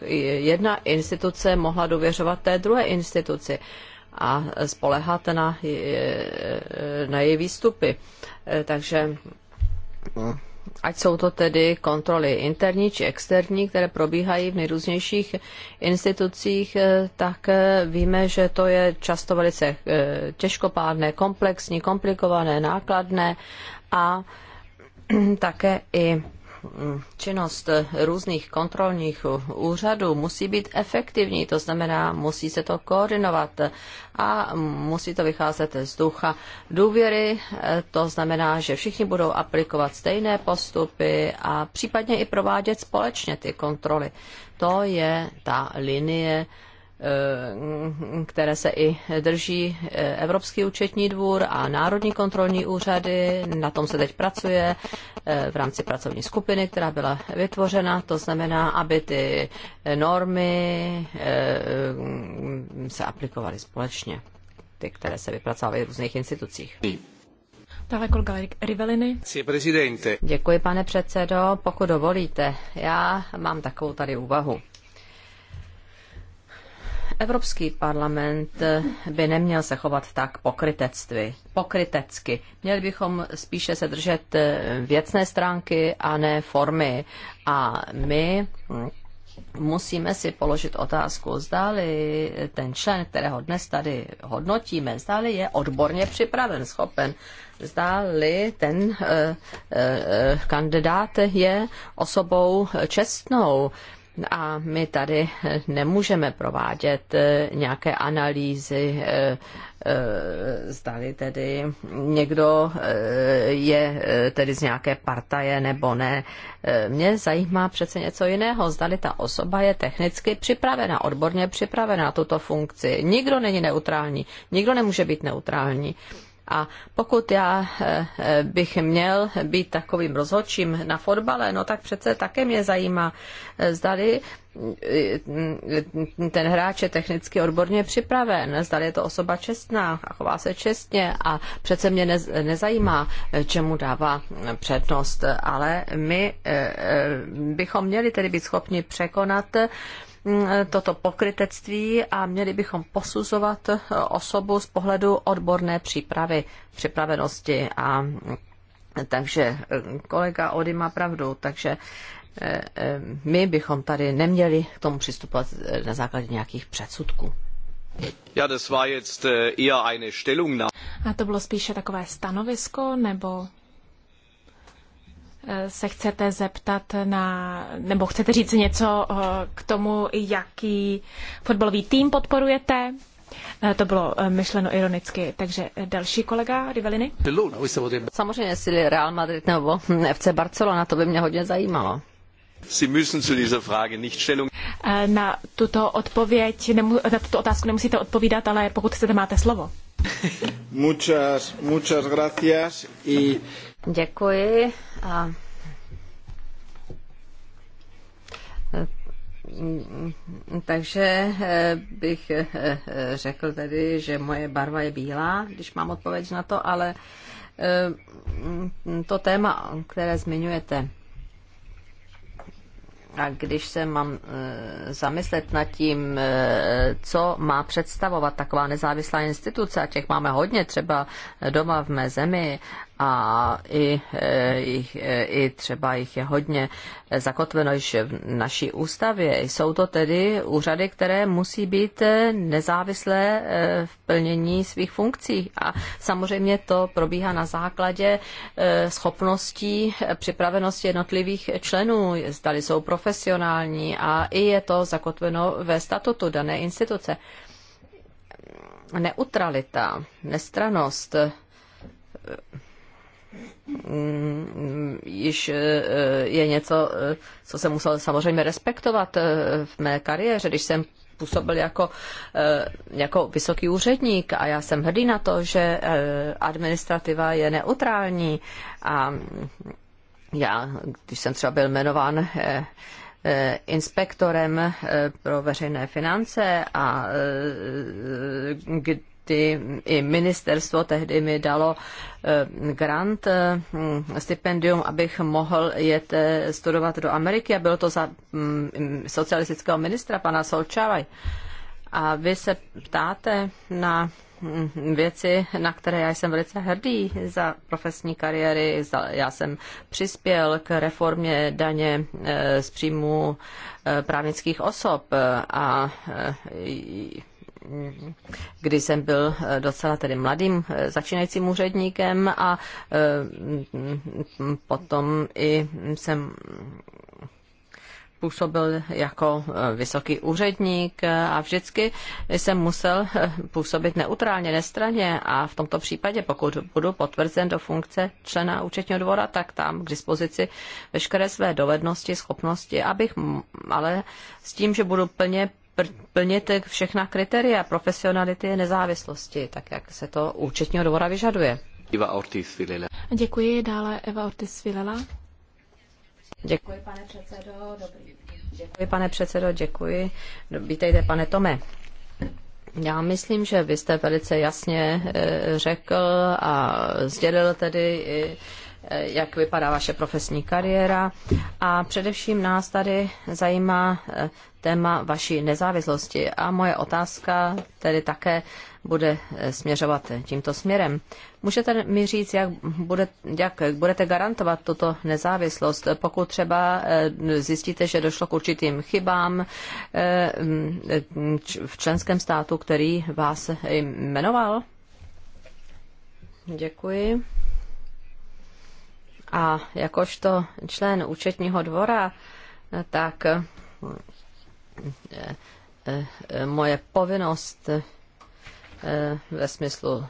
jedna instituce mohla důvěřovat té druhé instituci a spolehat na, eh, na její výstupy. Eh, takže no ať jsou to tedy kontroly interní či externí, které probíhají v nejrůznějších institucích, eh, tak eh, víme, že to je často velice eh, těžkopádné, komplexní, komplikované, nákladné a také i Mm, činnost různých kontrolních úřadů musí být efektivní, to znamená, musí se to koordinovat a musí to vycházet z ducha důvěry, to znamená, že všichni budou aplikovat stejné postupy a případně i provádět společně ty kontroly. To je ta linie, Eh, které se i drží eh, Evropský účetní dvůr a Národní kontrolní úřady. Na tom se teď pracuje eh, v rámci pracovní skupiny, která byla vytvořena. To znamená, aby ty normy se aplikovaly společně, ty, které se vypracovaly v různých institucích. Dále Riveliny. Děkuji, pane předsedo. Pokud dovolíte, já mám takovou tady úvahu. Evropský parlament by neměl se chovat tak pokrytectví, pokrytecky. Měli bychom spíše se držet věcné stránky a ne formy. A my musíme si položit otázku, zdali ten člen, kterého dnes tady hodnotíme, zdali je odborně připraven, schopen, zdáli ten uh, uh, kandidát je osobou čestnou. Uh, a my tady nemůžeme provádět eh, nějaké analýzy, eh, eh, zdali tedy někdo je tedy z nějaké partaje nebo ne. Mě zajímá přece něco jiného, zdali ta osoba je technicky připravena, odborně připravena na tuto funkci. Nikdo není neutrální, nikdo nemůže být neutrální. A pokud já eh, eh, bych měl být takovým rozhodčím na fotbale, no tak přece také mě zajímá, eh, zdali ten hráč je technicky odborně připraven, zdali je to osoba čestná a chová se čestně a přece mě nezajímá, čemu dává přednost, ale my bychom měli tedy být schopni překonat Mm, toto pokrytectví a měli bychom posuzovat osobu z pohledu odborné přípravy, připravenosti. A mm, takže mm, kolega Ody má pravdu, takže e, e, my bychom tady neměli k tomu přistupovat e, na základě nějakých předsudků. Ja, das war jetzt eher eine Stellungnahme. A to bylo spíše takové stanovisko nebo se chcete zeptat na, nebo chcete říct něco eh, k tomu, jaký fotbalový tým podporujete? Eh, to bylo eh, myšleno ironicky. Takže další kolega Riveliny? Samozřejmě, jestli Real Madrid nebo FC Barcelona, to by mě hodně zajímalo. Na tuto, odpověď, na tuto otázku nemusíte odpovídat, ale pokud chcete, máte slovo. Muchas, muchas gracias y Děkuji. A e, takže e, bych e, řekl tedy, že moje barva je bílá, když mám odpověď na to, ale to téma, které zmiňujete, a když se mám zamyslet nad tím, co má představovat taková nezávislá instituce, a těch máme hodně třeba doma v mé zemi, a i, e, i, e, i třeba jich je hodně zakotveno již v naší ústavě. Jsou to tedy úřady, které musí být e, nezávislé v plnění svých funkcí a samozřejmě to probíhá na základě schopností, připravenosti jednotlivých členů, zdali jsou profesionální a i je to zakotveno ve statutu dané instituce. Neutralita, nestranost, Mm, již eh, je něco, eh, co jsem musel samozřejmě respektovat eh, v mé kariéře, když jsem působil jako, jako vysoký úředník a já jsem hrdý na to, že administrativa je neutrální a já, když jsem třeba byl jmenován inspektorem pro veřejné finance a ty, i ministerstvo tehdy mi dalo eh, grant, eh, stipendium, abych mohl jet eh, studovat do Ameriky a bylo to za mm, socialistického ministra, pana Solčávaj. A vy se ptáte na mm, věci, na které já jsem velice hrdý za profesní kariéry. Já jsem přispěl k reformě daně z příjmu právnických osob a kdy jsem byl eh, docela tedy mladým eh, začínajícím úředníkem a eh, potom i jsem působil jako vysoký úředník a vždycky jsem musel působit neutrálně, nestraně a v tomto případě, pokud budu potvrzen do funkce člena účetního dvora, tak tam k dispozici veškeré své dovednosti, schopnosti, abych ale s tím, že budu plně plnit všechna kritéria profesionality nezávislosti, tak jak se to účetního dvora vyžaduje. Eva Ortiz Filela. Děkuji, dále Eva Ortiz Filela. Děkuji, pane předsedo. Dobrý. Děkuji, pane předsedo, děkuji. No, vítejte, pane Tome. Já myslím, že vy jste velice jasně eh, řekl a sdělil tedy, eh, jak vypadá vaše profesní kariéra. A především nás tady zajímá eh, téma vaší nezávislosti. A moje otázka tedy také bude eh, směřovat tímto směrem. Můžete mi říct, jak, bude, jak budete garantovat tuto nezávislost, pokud třeba eh, zjistíte, že došlo k určitým chybám eh, v členském státu, který vás jmenoval? Děkuji. A jakožto člen účetního dvora, tak Eh, eh, moje povinnost eh, ve smyslu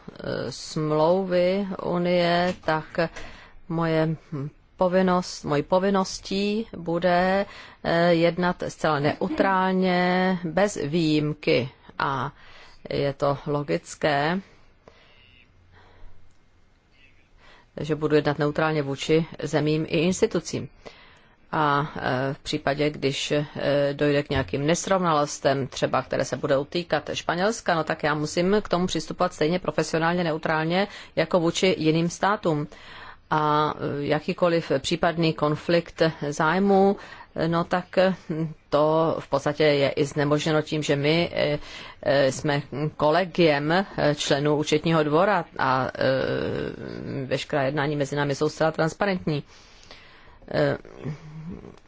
smlouvy Unie, tak moje povinnost, mojí povinností bude jednat zcela neutrálně, bez výjimky. A je to logické, že budu jednat neutrálně vůči zemím i institucím a e, v případě, když e, dojde k nějakým nesrovnalostem, třeba které se budou týkat Španělska, no tak já musím k tomu přistupovat stejně profesionálně, neutrálně jako vůči jiným státům. A e, jakýkoliv případný konflikt zájmů, no tak to v podstatě je i znemožněno tím, že my jsme kolegiem členů účetního dvora a veškerá jednání mezi námi jsou zcela transparentní. Eh,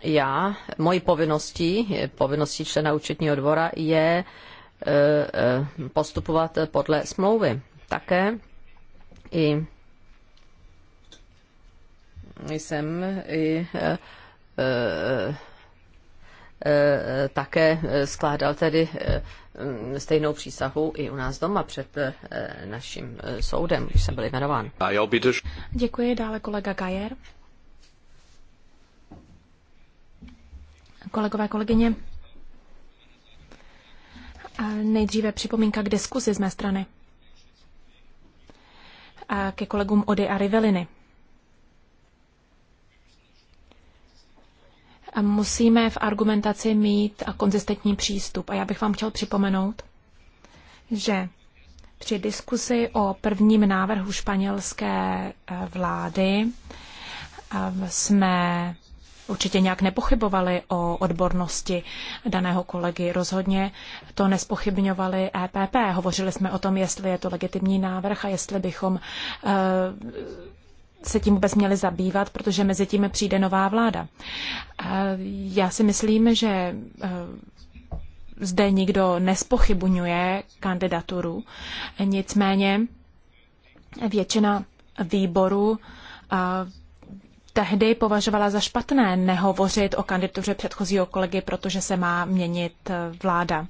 já, mojí povinností, povinností člena účetního dvora je eh, eh, postupovat podle smlouvy. Také i jsem i také skládal tedy stejnou přísahu i u nás doma před naším soudem, když jsem byl jmenován. Děkuji dále kolega Gajer. kolegové, kolegyně. Nejdříve připomínka k diskuzi z mé strany. A ke kolegům Ody a Riveliny. A musíme v argumentaci mít a konzistentní přístup. A já bych vám chtěl připomenout, že při diskusi o prvním návrhu španělské eh, vlády eh, jsme určitě nějak nepochybovali o odbornosti daného kolegy. Rozhodně to nespochybňovali EPP. Hovořili jsme o tom, jestli je to legitimní návrh a jestli bychom eh, se tím vůbec měli zabývat, protože mezi tím přijde nová vláda. Eh, já si myslím, že eh, zde nikdo nespochybňuje kandidaturu, nicméně většina výboru tehdy považovala za špatné nehovořit o kandidatuře předchozího kolegy, protože se má měnit eh, vláda.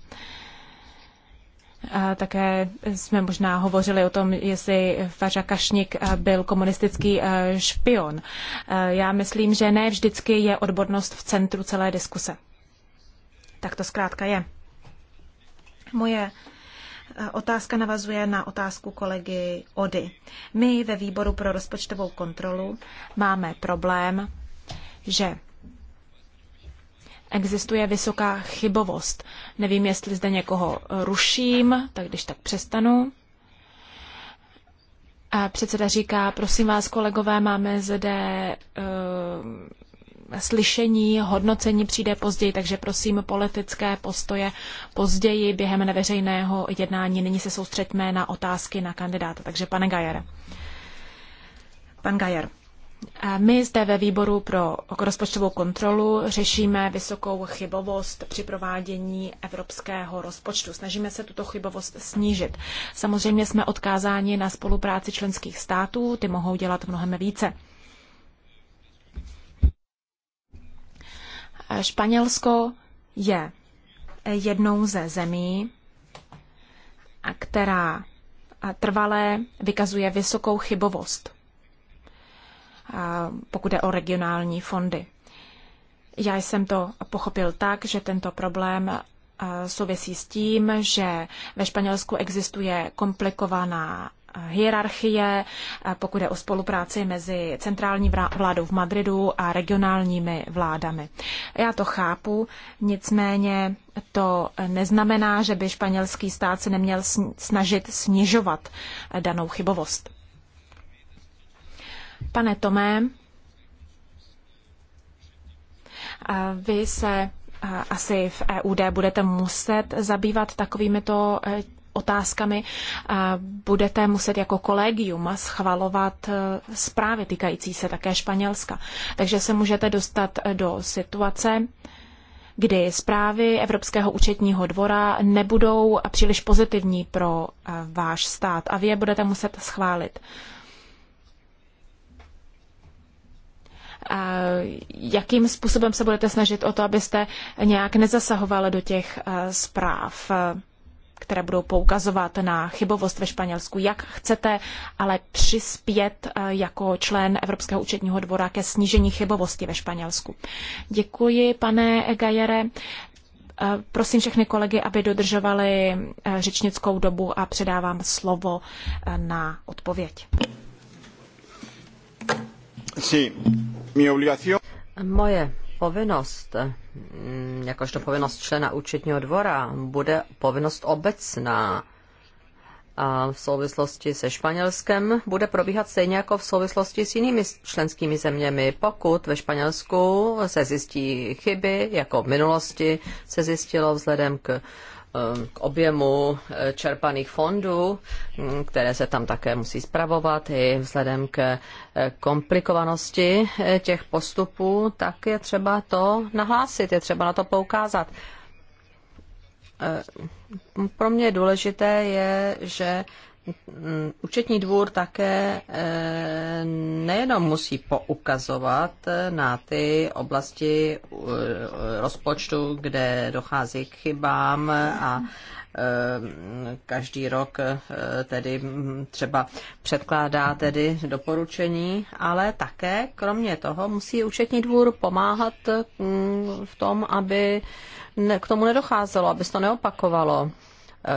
A také jsme možná hovořili o tom, jestli Faža Kašník eh, byl komunistický eh, špion. Já myslím, že ne vždycky je odbornost v centru celé diskuse. Tak to zkrátka je. Moje Otázka navazuje na otázku kolegy Ody. My ve výboru pro rozpočtovou kontrolu máme problém, že existuje vysoká chybovost. Nevím, jestli zde někoho ruším, tak když tak přestanu. A předseda říká, prosím vás, kolegové, máme zde uh, slyšení, hodnocení přijde později, takže prosím politické postoje později během neveřejného jednání. Nyní se soustřeďme na otázky na kandidáta. Takže pane Gajer. Pan Gajer. Eh, my zde ve výboru pro rozpočtovou kontrolu řešíme vysokou chybovost při provádění evropského rozpočtu. Snažíme se tuto chybovost snížit. Samozřejmě jsme odkázáni na spolupráci členských států, ty mohou dělat mnohem více. Španělsko je jednou ze zemí, která trvalé vykazuje vysokou chybovost, pokud je o regionální fondy. Já jsem to pochopil tak, že tento problém souvisí s tím, že ve Španělsku existuje komplikovaná hierarchie, pokud je o spolupráci mezi centrální vládou v Madridu a regionálními vládami. Já to chápu, nicméně to neznamená, že by španělský stát se neměl snažit snižovat eh, danou chybovost. Pane Tomé, vy se asi v EUD budete muset zabývat takovýmito eh, otázkami budete muset jako kolegium schvalovat e, zprávy týkající se také Španělska. Takže se můžete dostat e, do situace, kdy zprávy Evropského účetního dvora nebudou příliš pozitivní pro e, váš stát a vy je budete muset schválit. A jakým způsobem se budete snažit o to, abyste nějak nezasahovali do těch zpráv? které budou poukazovat na chybovost ve Španělsku, jak chcete, ale přispět eh, jako člen Evropského účetního dvora ke snížení chybovosti ve Španělsku. Děkuji, pane Gajere. Eh, prosím všechny kolegy, aby dodržovali eh, řečnickou dobu a předávám slovo na odpověď. Sí, mi obligación. Moje povinnost, mm, jakožto povinnost člena účetního dvora, bude povinnost obecná. A v souvislosti se Španělskem bude probíhat stejně jako v souvislosti s jinými členskými zeměmi. Pokud ve Španělsku se zjistí chyby, jako v minulosti se zjistilo vzhledem k Um, k objemu eh, čerpaných fondů, mm, které se tam také musí zpravovat i vzhledem k eh, komplikovanosti eh, těch postupů, tak je třeba to nahlásit, je třeba na to poukázat. Pro mě důležité je, že Mm, účetní dvůr také eh, nejenom musí poukazovat eh, na ty oblasti eh, rozpočtu, kde dochází k chybám a každý rok tedy mm, třeba předkládá tedy doporučení, ale také kromě toho musí účetní dvůr pomáhat mm, v tom, aby k tomu nedocházelo, aby se to neopakovalo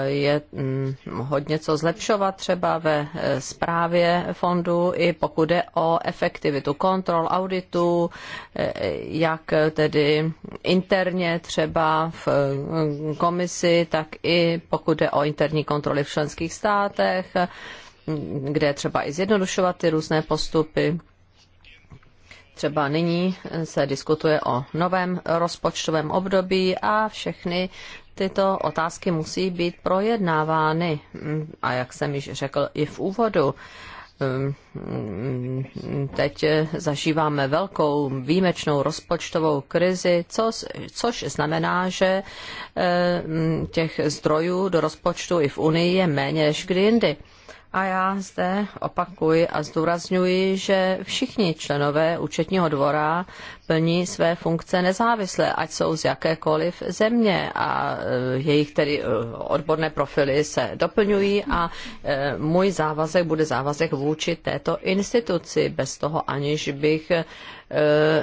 je mm, hodně co zlepšovat třeba ve eh, správě fondu, i pokud jde o efektivitu kontrol, auditu, eh, jak tedy interně třeba v eh, komisi, tak i pokud jde o interní kontroly v členských státech, mm, kde je třeba i zjednodušovat ty různé postupy. Třeba nyní se diskutuje o novém rozpočtovém období a všechny tyto otázky musí být projednávány. Mm, A jak jsem již řekl i v úvodu, mm, mm, teď zažíváme velkou výjimečnou rozpočtovou krizi, co, což znamená, že eh, těch zdrojů do rozpočtu i v Unii je méně než kdy jindy. A já zde opakuji a zdůrazňuji, že všichni členové účetního dvora plní své funkce nezávisle, ať jsou z jakékoliv země a e, jejich tedy e, odborné profily se doplňují a e, můj závazek bude závazek vůči této instituci, bez toho aniž bych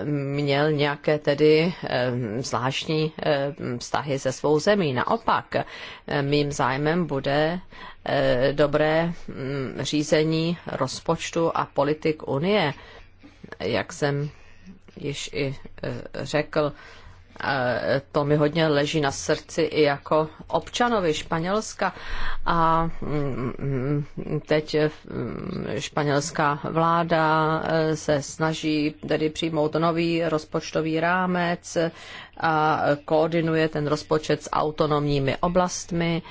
měl nějaké tedy eh, zvláštní eh, vztahy se svou zemí. Naopak, eh, mým zájmem bude dobré hm, řízení rozpočtu a politik Unie. Jak jsem již i řekl, E, to mi hodně leží na srdci i jako občanovi Španělska. A mm, teď e, mm, španělská vláda e, se snaží tedy přijmout nový rozpočtový rámec a koordinuje ten rozpočet s autonomními oblastmi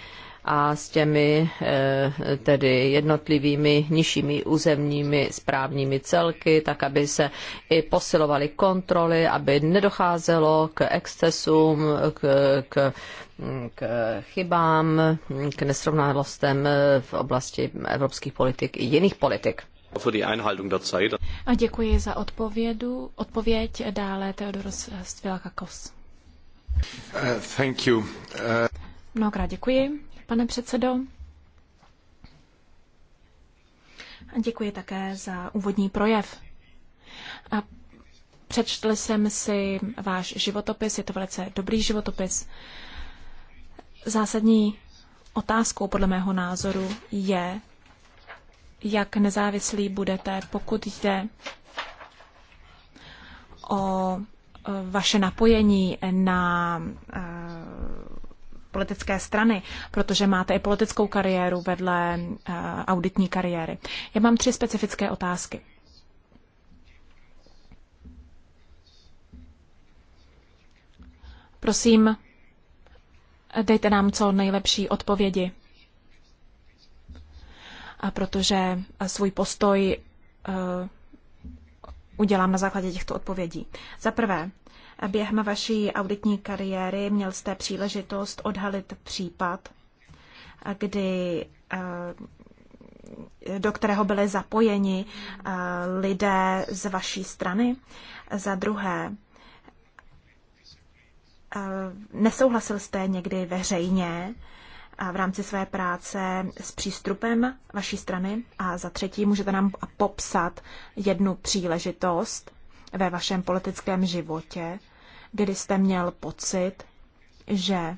a s těmi eh, tedy jednotlivými nižšími územními správními celky, tak aby se i posilovaly kontroly, aby nedocházelo k excesům, k, k k chybám, k nesrovnalostem eh, v oblasti evropských politik i jiných politik. A děkuji za odpovědu. odpověď. Dále Teodoros Stvilakakos. Uh, thank you. Uh... Mnohokrát děkuji pane předsedo. A děkuji také za úvodní projev. A přečtl jsem si váš životopis, je to velice dobrý životopis. Zásadní otázkou podle mého názoru je, jak nezávislí budete, pokud jde o e, vaše napojení na e, politické strany, protože máte i politickou kariéru vedle eh, auditní kariéry. Já mám tři specifické otázky. Prosím, dejte nám co nejlepší odpovědi, a protože svůj postoj eh, udělám na základě těchto odpovědí. Za prvé, Během vaší auditní kariéry měl jste příležitost odhalit případ, kdy eh, do kterého byli zapojeni eh, lidé z vaší strany. Za druhé, eh, nesouhlasil jste někdy veřejně v rámci své práce s přístupem vaší strany? A za třetí, můžete nám popsat jednu příležitost, ve vašem politickém životě, kdy jste měl pocit, že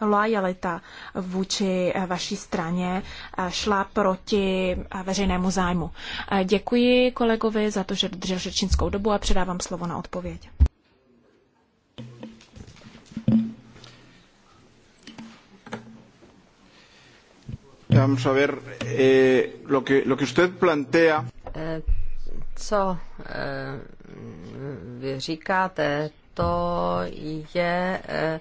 loajalita vůči vaší straně eh, šla proti eh, veřejnému zájmu. Eh, děkuji kolegovi za to, že držel řečnickou dobu a předávám slovo na odpověď. Vamos a ver, eh, lo, que, lo que usted plantea. Eh, co Eh, vy říkáte, to je eh,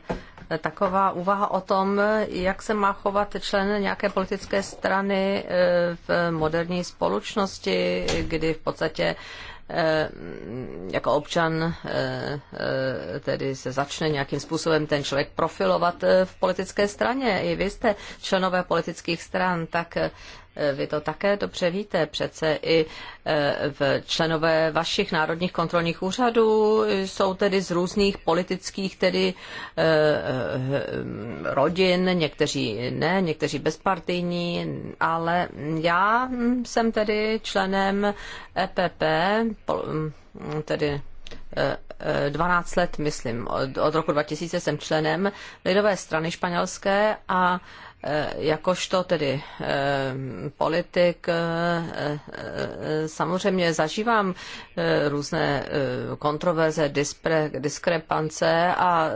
taková úvaha o tom, jak se má chovat člen nějaké politické strany eh, v moderní společnosti, kdy v podstatě jako občan tedy se začne nějakým způsobem ten člověk profilovat v politické straně. I vy jste členové politických stran, tak vy to také dobře víte, přece i eh, v členové vašich národních kontrolních úřadů jsou tedy z různých politických tedy eh, eh, rodin, někteří ne, někteří bezpartijní, ale já jsem tedy členem EPP, hm, tedy 12 let, myslím, od roku 2000 jsem členem Lidové strany španělské a Eh, jakožto tedy eh, politik eh, samozřejmě zažívám různé kontroverze, diskrepance a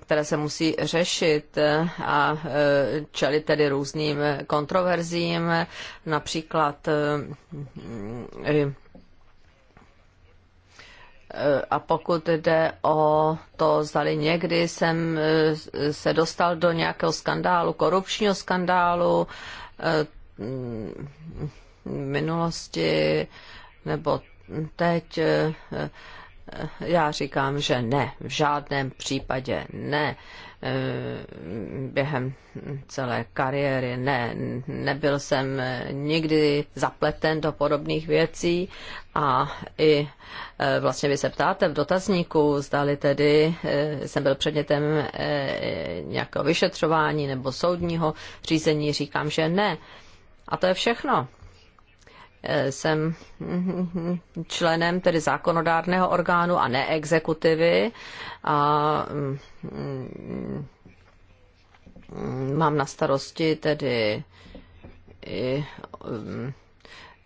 které se musí řešit a čelit tedy různým kontroverzím, například a pokud jde o to, zdali někdy jsem eh, se dostal do nějakého skandálu, korupčního skandálu v eh, mm, minulosti nebo teď, eh, já říkám, že ne, v žádném případě ne. Eh, během celé kariéry. Ne, nebyl jsem eh, nikdy zapleten do podobných věcí a i eh, vlastně vy se ptáte v dotazníku, zdali tedy jsem byl předmětem nějakého vyšetřování nebo soudního řízení, říkám, že ne. A to je všechno. Eh, jsem mm, členem tedy zákonodárného orgánu a ne exekutivy a mm, mám na starosti tedy i mm,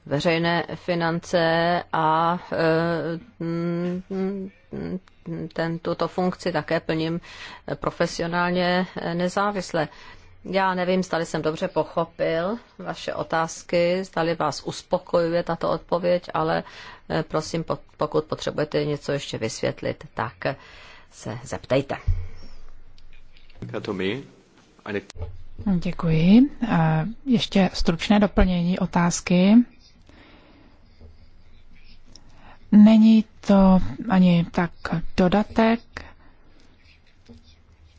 veřejné finance a eh, ten, tuto funkci také plním profesionálně eh, nezávisle. Já nevím, stali jsem dobře pochopil vaše otázky, stali vás uspokojuje tato odpověď, ale eh, prosím, pokud potřebujete něco ještě vysvětlit, tak eh, se zeptejte. No, děkuji. Eh, ještě stručné doplnění otázky. Není to ani tak dodatek,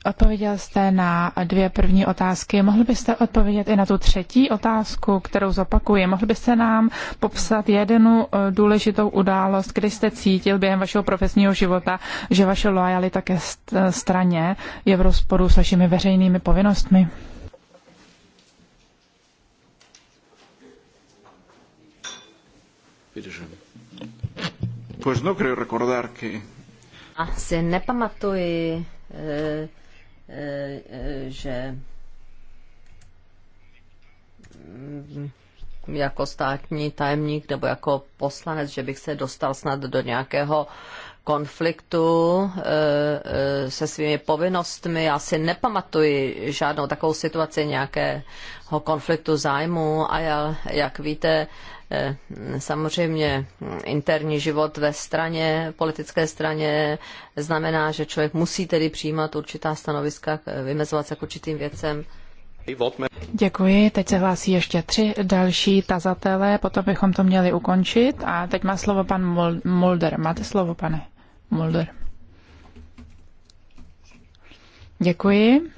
Odpověděl jste na dvě první otázky. Mohl byste odpovědět i na tu třetí otázku, kterou zopakuji. Mohl byste nám popsat jednu eh, důležitou událost, kdy jste cítil během vašeho profesního života, že vaše lojalita ke straně je v rozporu s vašimi veřejnými povinnostmi? Pues no creo recordar que... Asi nepamatuji eh, Eh, že mm, jako státní tajemník nebo jako poslanec, že bych se dostal snad do nějakého konfliktu eh, eh, se svými povinnostmi. Já si nepamatuji žádnou takovou situaci nějakého konfliktu zájmu a já, jak víte, Eh, samozřejmě hm, interní život ve straně, politické straně, znamená, že člověk musí tedy přijímat určitá stanoviska, eh, vymezovat se k určitým věcem. Děkuji, teď se hlásí ještě tři další tazatelé, potom bychom to měli ukončit. A teď má slovo pan Mulder. Máte slovo, pane Mulder. Děkuji.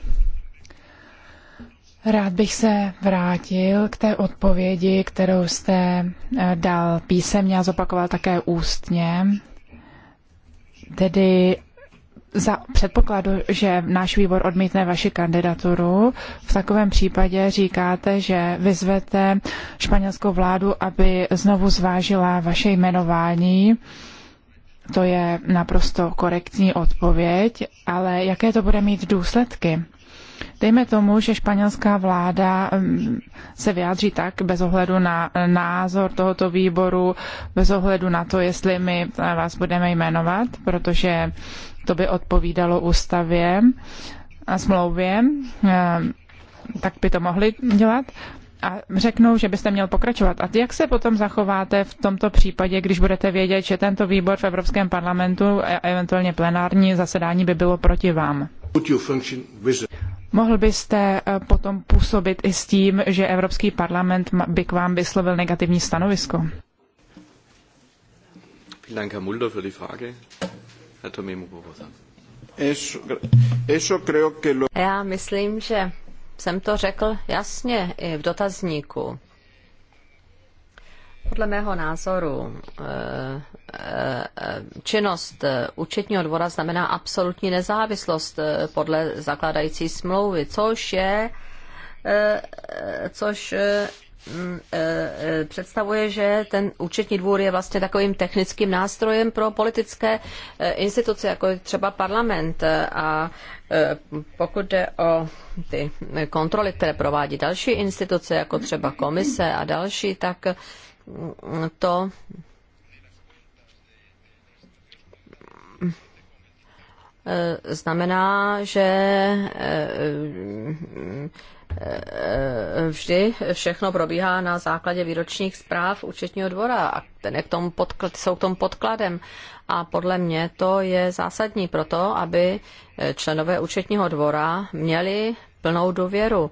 Rád bych se vrátil k té odpovědi, kterou jste eh, dal písemně a zopakoval také ústně. Tedy za předpokladu, že náš výbor odmítne vaši kandidaturu, v takovém případě říkáte, že vyzvete španělskou vládu, aby znovu zvážila vaše jmenování. To je naprosto korektní odpověď, ale jaké to bude mít důsledky? Dejme tomu, že španělská vláda mm, se vyjádří tak bez ohledu na názor tohoto výboru, bez ohledu na to, jestli my vás budeme jmenovat, protože to by odpovídalo ústavě a smlouvě, eh, tak by to mohli dělat a řeknou, že byste měl pokračovat. A jak se potom zachováte v tomto případě, když budete vědět, že tento výbor v Evropském parlamentu a eventuálně plenární zasedání by bylo proti vám? Mohl byste eh, potom působit i s tím, že Evropský parlament by k vám vyslovil negativní stanovisko? Já myslím, že jsem to řekl jasně i v dotazníku. Podle mého názoru eh, eh, činnost eh, účetního dvora znamená absolutní nezávislost podle zakládající smlouvy, což je, což mm, představuje, že ten účetní dvůr je vlastně takovým technickým nástrojem pro politické instituce, jako je třeba parlament. A pokud jde o ty kontroly, které provádí další instituce, jako třeba komise a další, tak to eh, znamená, že eh, eh, vždy všechno probíhá na základě výročních zpráv účetního dvora a ten je k tomu podklad, jsou k tomu podkladem. A podle mě to je zásadní pro to, aby členové účetního dvora měli plnou důvěru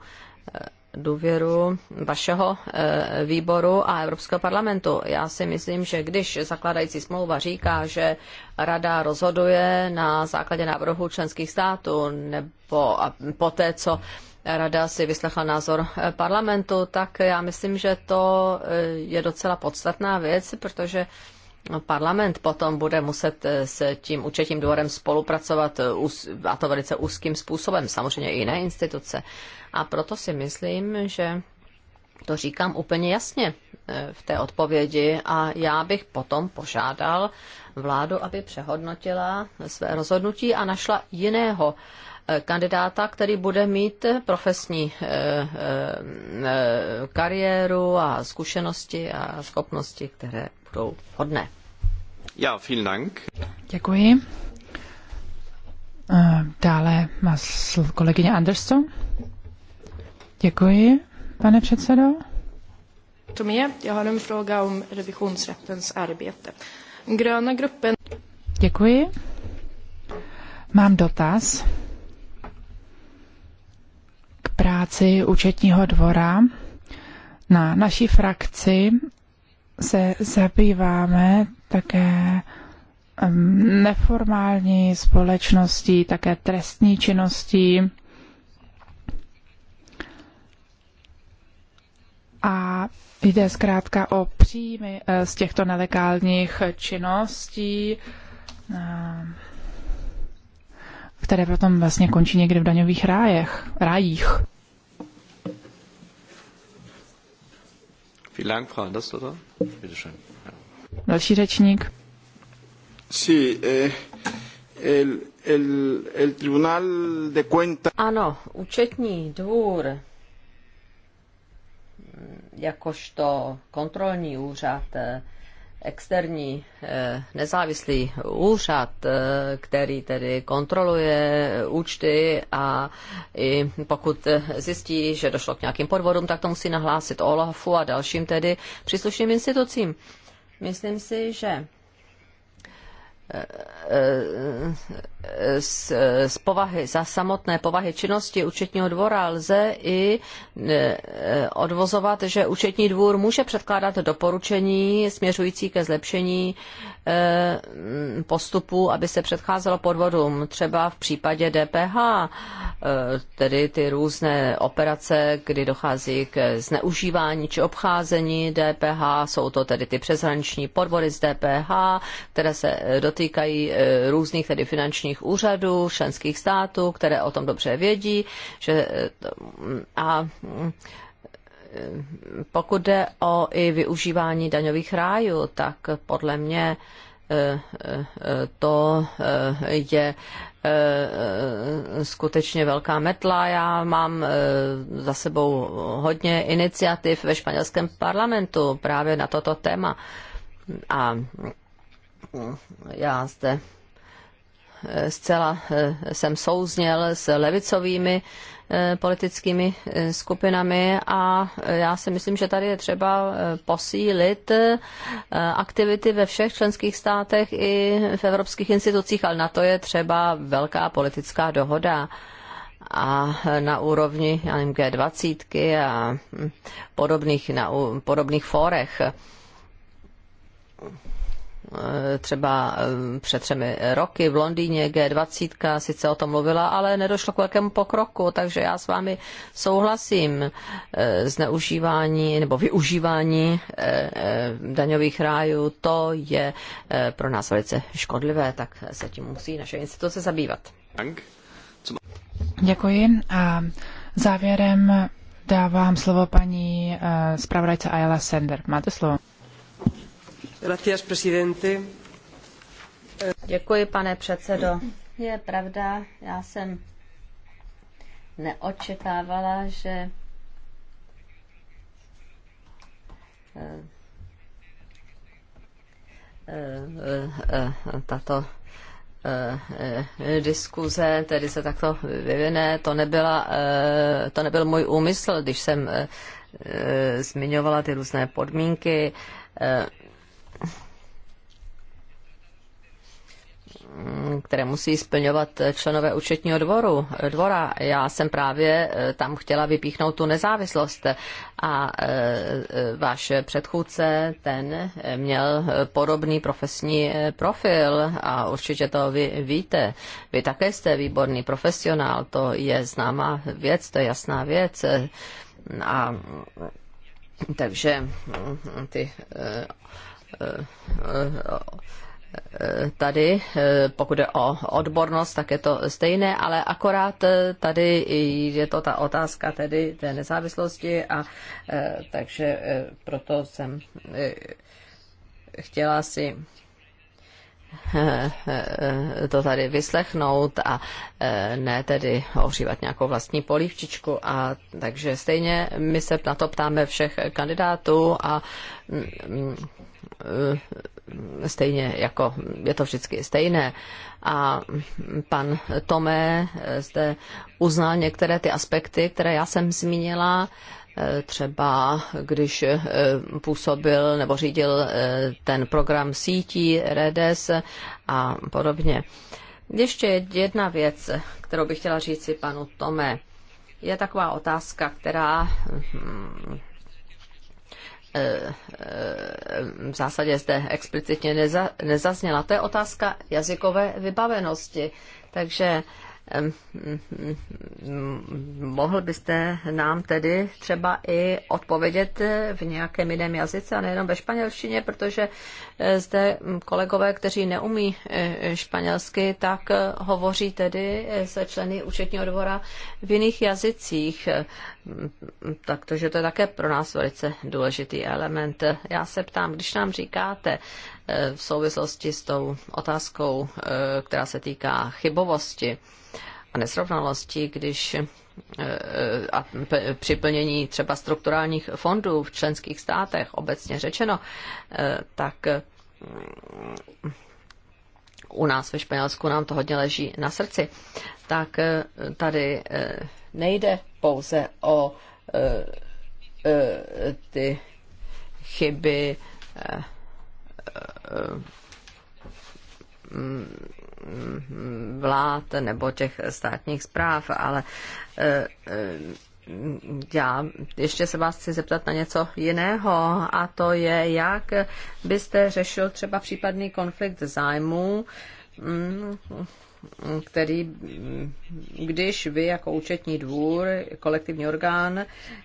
důvěru vašeho e, výboru a Evropského parlamentu. Já si myslím, že když zakladající smlouva říká, že rada rozhoduje na základě návrhu členských států nebo poté, co rada si vyslechla názor e, parlamentu, tak já myslím, že to e, je docela podstatná věc, protože Parlament potom bude muset eh, s tím účetním dvorem spolupracovat eh, a to velice úzkým způsobem, samozřejmě i jiné instituce. A proto si myslím, že to říkám úplně jasně eh, v té odpovědi a já bych potom požádal vládu, aby přehodnotila své rozhodnutí a našla jiného kandidáta, který bude mít profesní kariéru a zkušenosti a schopnosti, které budou hodné. Ja, vielen Dank. Děkuji. Eh, dále má kolegyně Anderson. Děkuji, pane předsedo. Já Děkuji. Mám dotaz k práci účetního dvora. Na naší frakci se zabýváme také neformální společností, také trestní činností. A jde zkrátka o příjmy eh, z těchto nelegálních činností, které potom vlastně končí někde v daňových rájech, rájích. Vielen Dank, Frau oder? Bitte schön. Další řečník. Sí, eh, el, el, el tribunal de cuenta... Ano, účetní dvůr mm, jakožto kontrolní úřad, eh, externí eh, nezávislý úřad, eh, který tedy kontroluje účty a i pokud zjistí, že došlo k nějakým podvodům, tak to musí nahlásit OLAFu a dalším tedy příslušným institucím. Myslím si, že z, z povahy, za samotné povahy činnosti účetního dvora lze i e, odvozovat, že účetní dvůr může předkládat doporučení směřující ke zlepšení e, postupu, aby se předcházelo podvodům, třeba v případě DPH, e, tedy ty různé operace, kdy dochází k zneužívání či obcházení DPH, jsou to tedy ty přeshraniční podvody z DPH, které se dotýkají týkají e, různých tedy finančních úřadů, členských států, které o tom dobře vědí. Že, e, a e, pokud jde o i využívání daňových rájů, tak podle mě to je skutečně velká metla. Já mám za sebou hodně iniciativ ve španělském parlamentu právě na toto téma. A já zde eh, zcela eh, jsem souzněl s levicovými eh, politickými skupinami a já si myslím, že tady je třeba posílit aktivity ve všech členských státech i v evropských institucích, ale na to je třeba velká politická dohoda a na úrovni já nevím, G20 a hm, podobných, na podobných fórech. Eh, třeba eh, před třemi roky v Londýně G20 sice o tom mluvila, ale nedošlo k velkému pokroku, takže já s vámi souhlasím eh, zneužívání nebo využívání daňových rájů, to je pro nás velice škodlivé, tak se tím musí naše instituce zabývat. Děkuji a závěrem dávám slovo paní zpravodajce Ayala Sender. Máte slovo. Děkuji, pane předsedo. Je pravda, já jsem neočekávala, že eh, eh, eh, tato diskuze tedy se takto vyvine. To, nebyla, to nebyl můj úmysl, když jsem zmiňovala ty různé podmínky Mm, které musí splňovat členové účetního dvoru, dvora. Já jsem právě eh, tam chtěla vypíchnout tu nezávislost a eh, eh, váš předchůdce, ten měl podobný profesní profil a určitě to vy víte. Vy také jste výborný profesionál, to je známá věc, to je jasná věc. A takže mm, ty tady, eh, pokud jde o odbornost, tak je to stejné, ale akorát eh, tady je to ta otázka tedy té nezávislosti a eh, takže proto jsem chtěla si to tady vyslechnout a ne tedy ohřívat nějakou vlastní polívčičku. A takže stejně my se na to ptáme všech kandidátů a mm, mm, Eh, stejně jako je to vždycky stejné. A pan Tomé eh, zde uznal některé ty aspekty, které já jsem zmínila, eh, třeba když působil nebo řídil ten program sítí REDES a podobně. Ještě jedna věc, kterou bych chtěla říct si panu Tome, je taková otázka, která hm, E, e, v zásadě zde explicitně neza, nezazněla. To je otázka jazykové vybavenosti. Takže mohl byste nám tedy třeba i odpovědět v nějakém jiném jazyce a nejenom ve španělštině, protože e, zde kolegové, kteří neumí španělsky, tak hovoří tedy se členy účetního dvora v jiných jazycích tak to, že to je také pro nás velice důležitý element. Já se ptám, když nám říkáte eh, v souvislosti s tou otázkou, eh, která se týká chybovosti a nesrovnalosti, když eh, a připlnění třeba strukturálních fondů v členských státech, obecně řečeno, tak mm, u nás ve Španělsku nám to hodně leží na srdci, tak tady nejde pouze o uh, uh, ty chyby e, e, vlád nebo těch státních zpráv, ale já ještě se vás chci zeptat na něco jiného a to je, jak byste řešil třeba případný konflikt zájmů mm, který, když vy jako účetní dvůr, kolektivní orgán,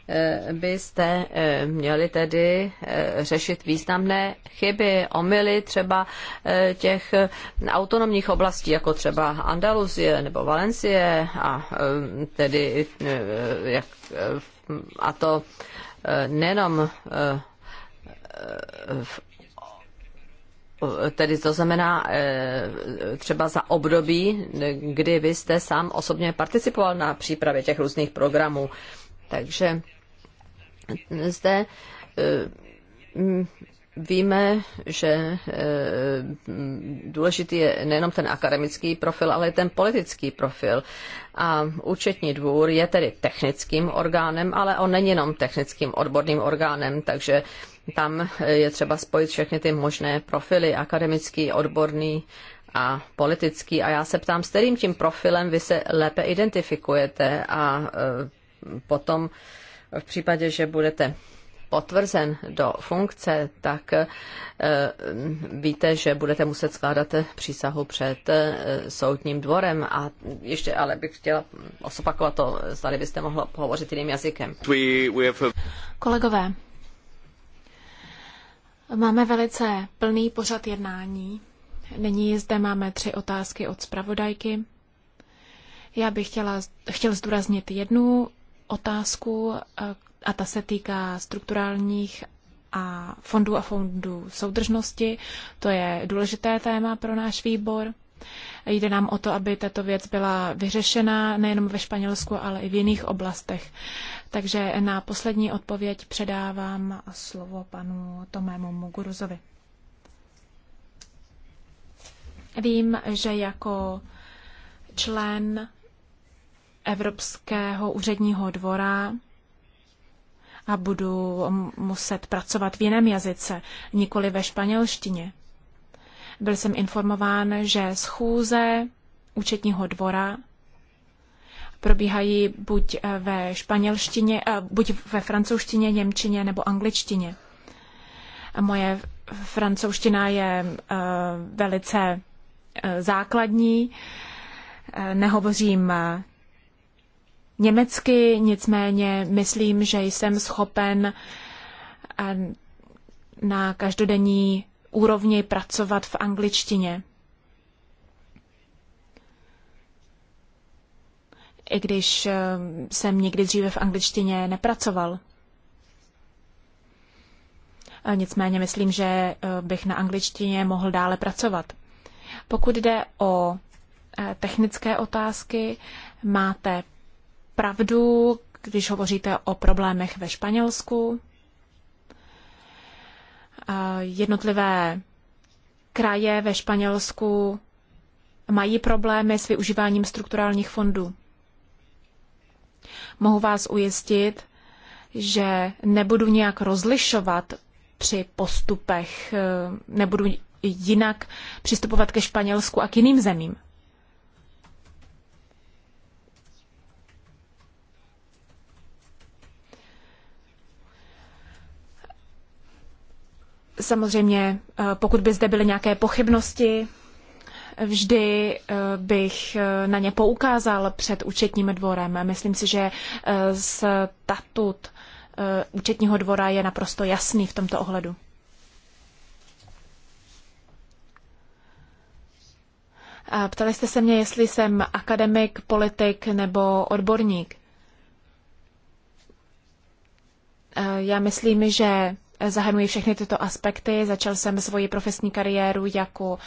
eh, byste eh, měli tedy eh, řešit významné chyby, omily třeba těch autonomních oblastí, jako třeba Andaluzie nebo Valencie, a tedy jak, a to nejenom v tedy to znamená eh, třeba za období, kdy vy jste sám osobně participoval na přípravě těch různých programů. Takže zde eh, Víme, že e, důležitý je nejenom ten akademický profil, ale i ten politický profil. A účetní dvůr je tedy technickým orgánem, ale on není jenom technickým odborným orgánem, takže tam je třeba spojit všechny ty možné profily, akademický, odborný a politický. A já se ptám, s kterým tím profilem vy se lépe identifikujete a e, potom v případě, že budete potvrzen do funkce, tak eh, víte, že budete muset skládat přísahu před eh, soudním dvorem. A ještě ale bych chtěla osopakovat to, zda byste mohla hovořit jiným jazykem. Kolegové, máme velice plný pořad jednání. Nyní zde máme tři otázky od zpravodajky. Já bych chtěla, chtěl zdůraznit jednu otázku, eh, a ta se týká strukturálních a fondů a fondů soudržnosti. To je důležité téma pro náš výbor. Jde nám o to, aby tato věc byla vyřešena nejenom ve Španělsku, ale i v jiných oblastech. Takže na poslední odpověď předávám slovo panu Tomému Muguruzovi. Vím, že jako člen Evropského úředního dvora a budu muset pracovat v jiném jazyce, nikoli ve španělštině. Byl jsem informován, že schůze účetního dvora probíhají buď ve španělštině, eh, buď ve francouzštině, němčině nebo angličtině. A moje francouzština je eh, velice eh, základní, nehovořím německy, nicméně myslím, že jsem schopen eh, na každodenní úrovni pracovat v angličtině. I když eh, jsem nikdy dříve v angličtině nepracoval. Nicméně myslím, že eh, bych na angličtině mohl dále pracovat. Pokud jde o technické otázky, máte pravdu, když hovoříte o problémech ve Španělsku. Jednotlivé kraje ve Španělsku mají problémy s využíváním strukturálních fondů. Mohu vás ujistit, že nebudu nějak rozlišovat při postupech, nebudu jinak přistupovat ke Španělsku a k jiným zemím. Samozřejmě, eh, pokud by zde byly nějaké pochybnosti, vždy eh, bych eh, na ně poukázal před účetním dvorem. Myslím si, že statut účetního dvora je naprosto jasný v tomto ohledu. Ptali jste se mě, jestli jsem akademik, politik nebo odborník. Já myslím, že zahrnuji všechny tyto aspekty. Začal jsem svoji profesní kariéru jako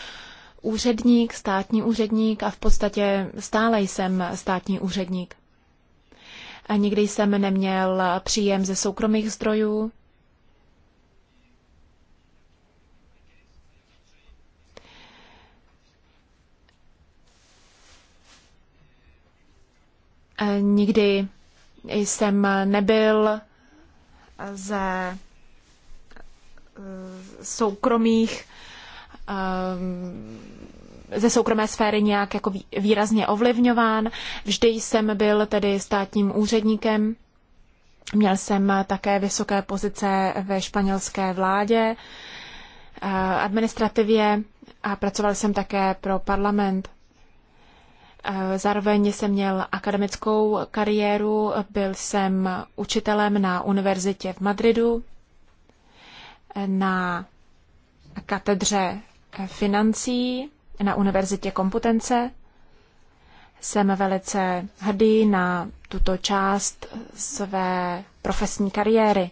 úředník, státní úředník a v podstatě stále jsem státní úředník. A nikdy jsem neměl příjem ze soukromých zdrojů. A nikdy jsem nebyl ze Eh, soukromých eh, ze soukromé sféry nějak jako výrazně ovlivňován. Vždy jsem byl tedy státním úředníkem. Měl jsem také vysoké pozice ve španělské vládě, eh, administrativě a pracoval jsem také pro parlament. Zároveň jsem měl akademickou kariéru, byl jsem učitelem na univerzitě v Madridu, na katedře financí na Univerzitě kompetence. Jsem velice hrdý na tuto část své profesní kariéry.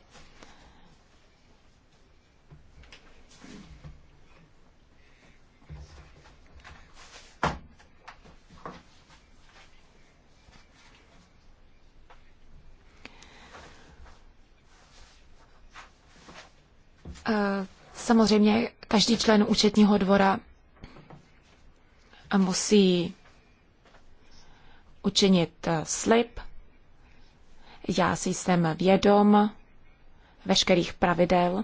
Eh, samozřejmě každý člen účetního dvora musí učinit eh, slib. Já si jsem vědom veškerých pravidel,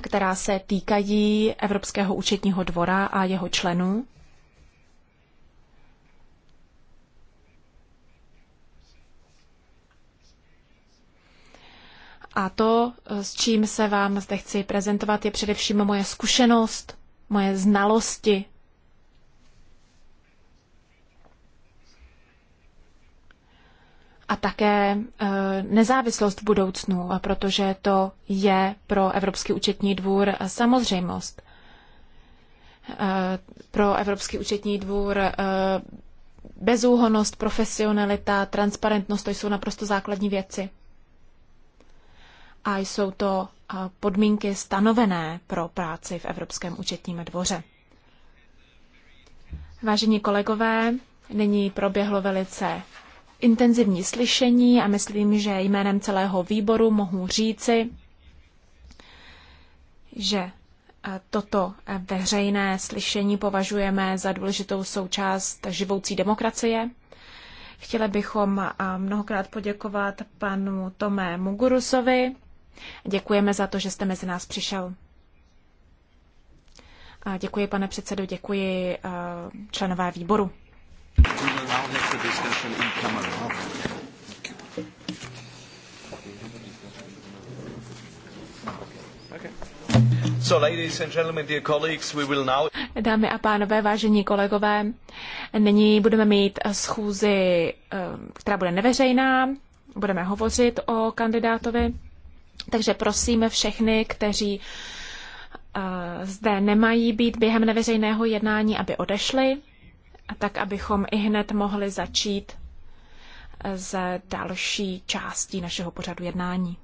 která se týkají Evropského účetního dvora a jeho členů. A to, eh, s čím se vám zde chci prezentovat, je především moje zkušenost, moje znalosti. A také eh, nezávislost v budoucnu, protože to je pro Evropský účetní dvůr samozřejmost. Eh, pro Evropský účetní dvůr bezúhonost, profesionalita, transparentnost, to jsou naprosto základní věci a jsou to podmínky stanovené pro práci v Evropském účetním dvoře. Vážení kolegové, nyní proběhlo velice intenzivní slyšení a myslím, že jménem celého výboru mohu říci, že toto veřejné slyšení považujeme za důležitou součást živoucí demokracie. Chtěli bychom mnohokrát poděkovat panu Tomé Mugurusovi Děkujeme za to, že jste mezi nás přišel. A děkuji, pane předsedo, děkuji eh, členové výboru. Dámy a pánové, vážení kolegové, nyní budeme mít schůzi, eh, která bude neveřejná, budeme hovořit o kandidátovi. Takže prosím všechny, kteří eh, zde nemají být během neveřejného jednání, aby odešli, a tak abychom i hned mohli začít eh, z další částí našeho pořadu jednání.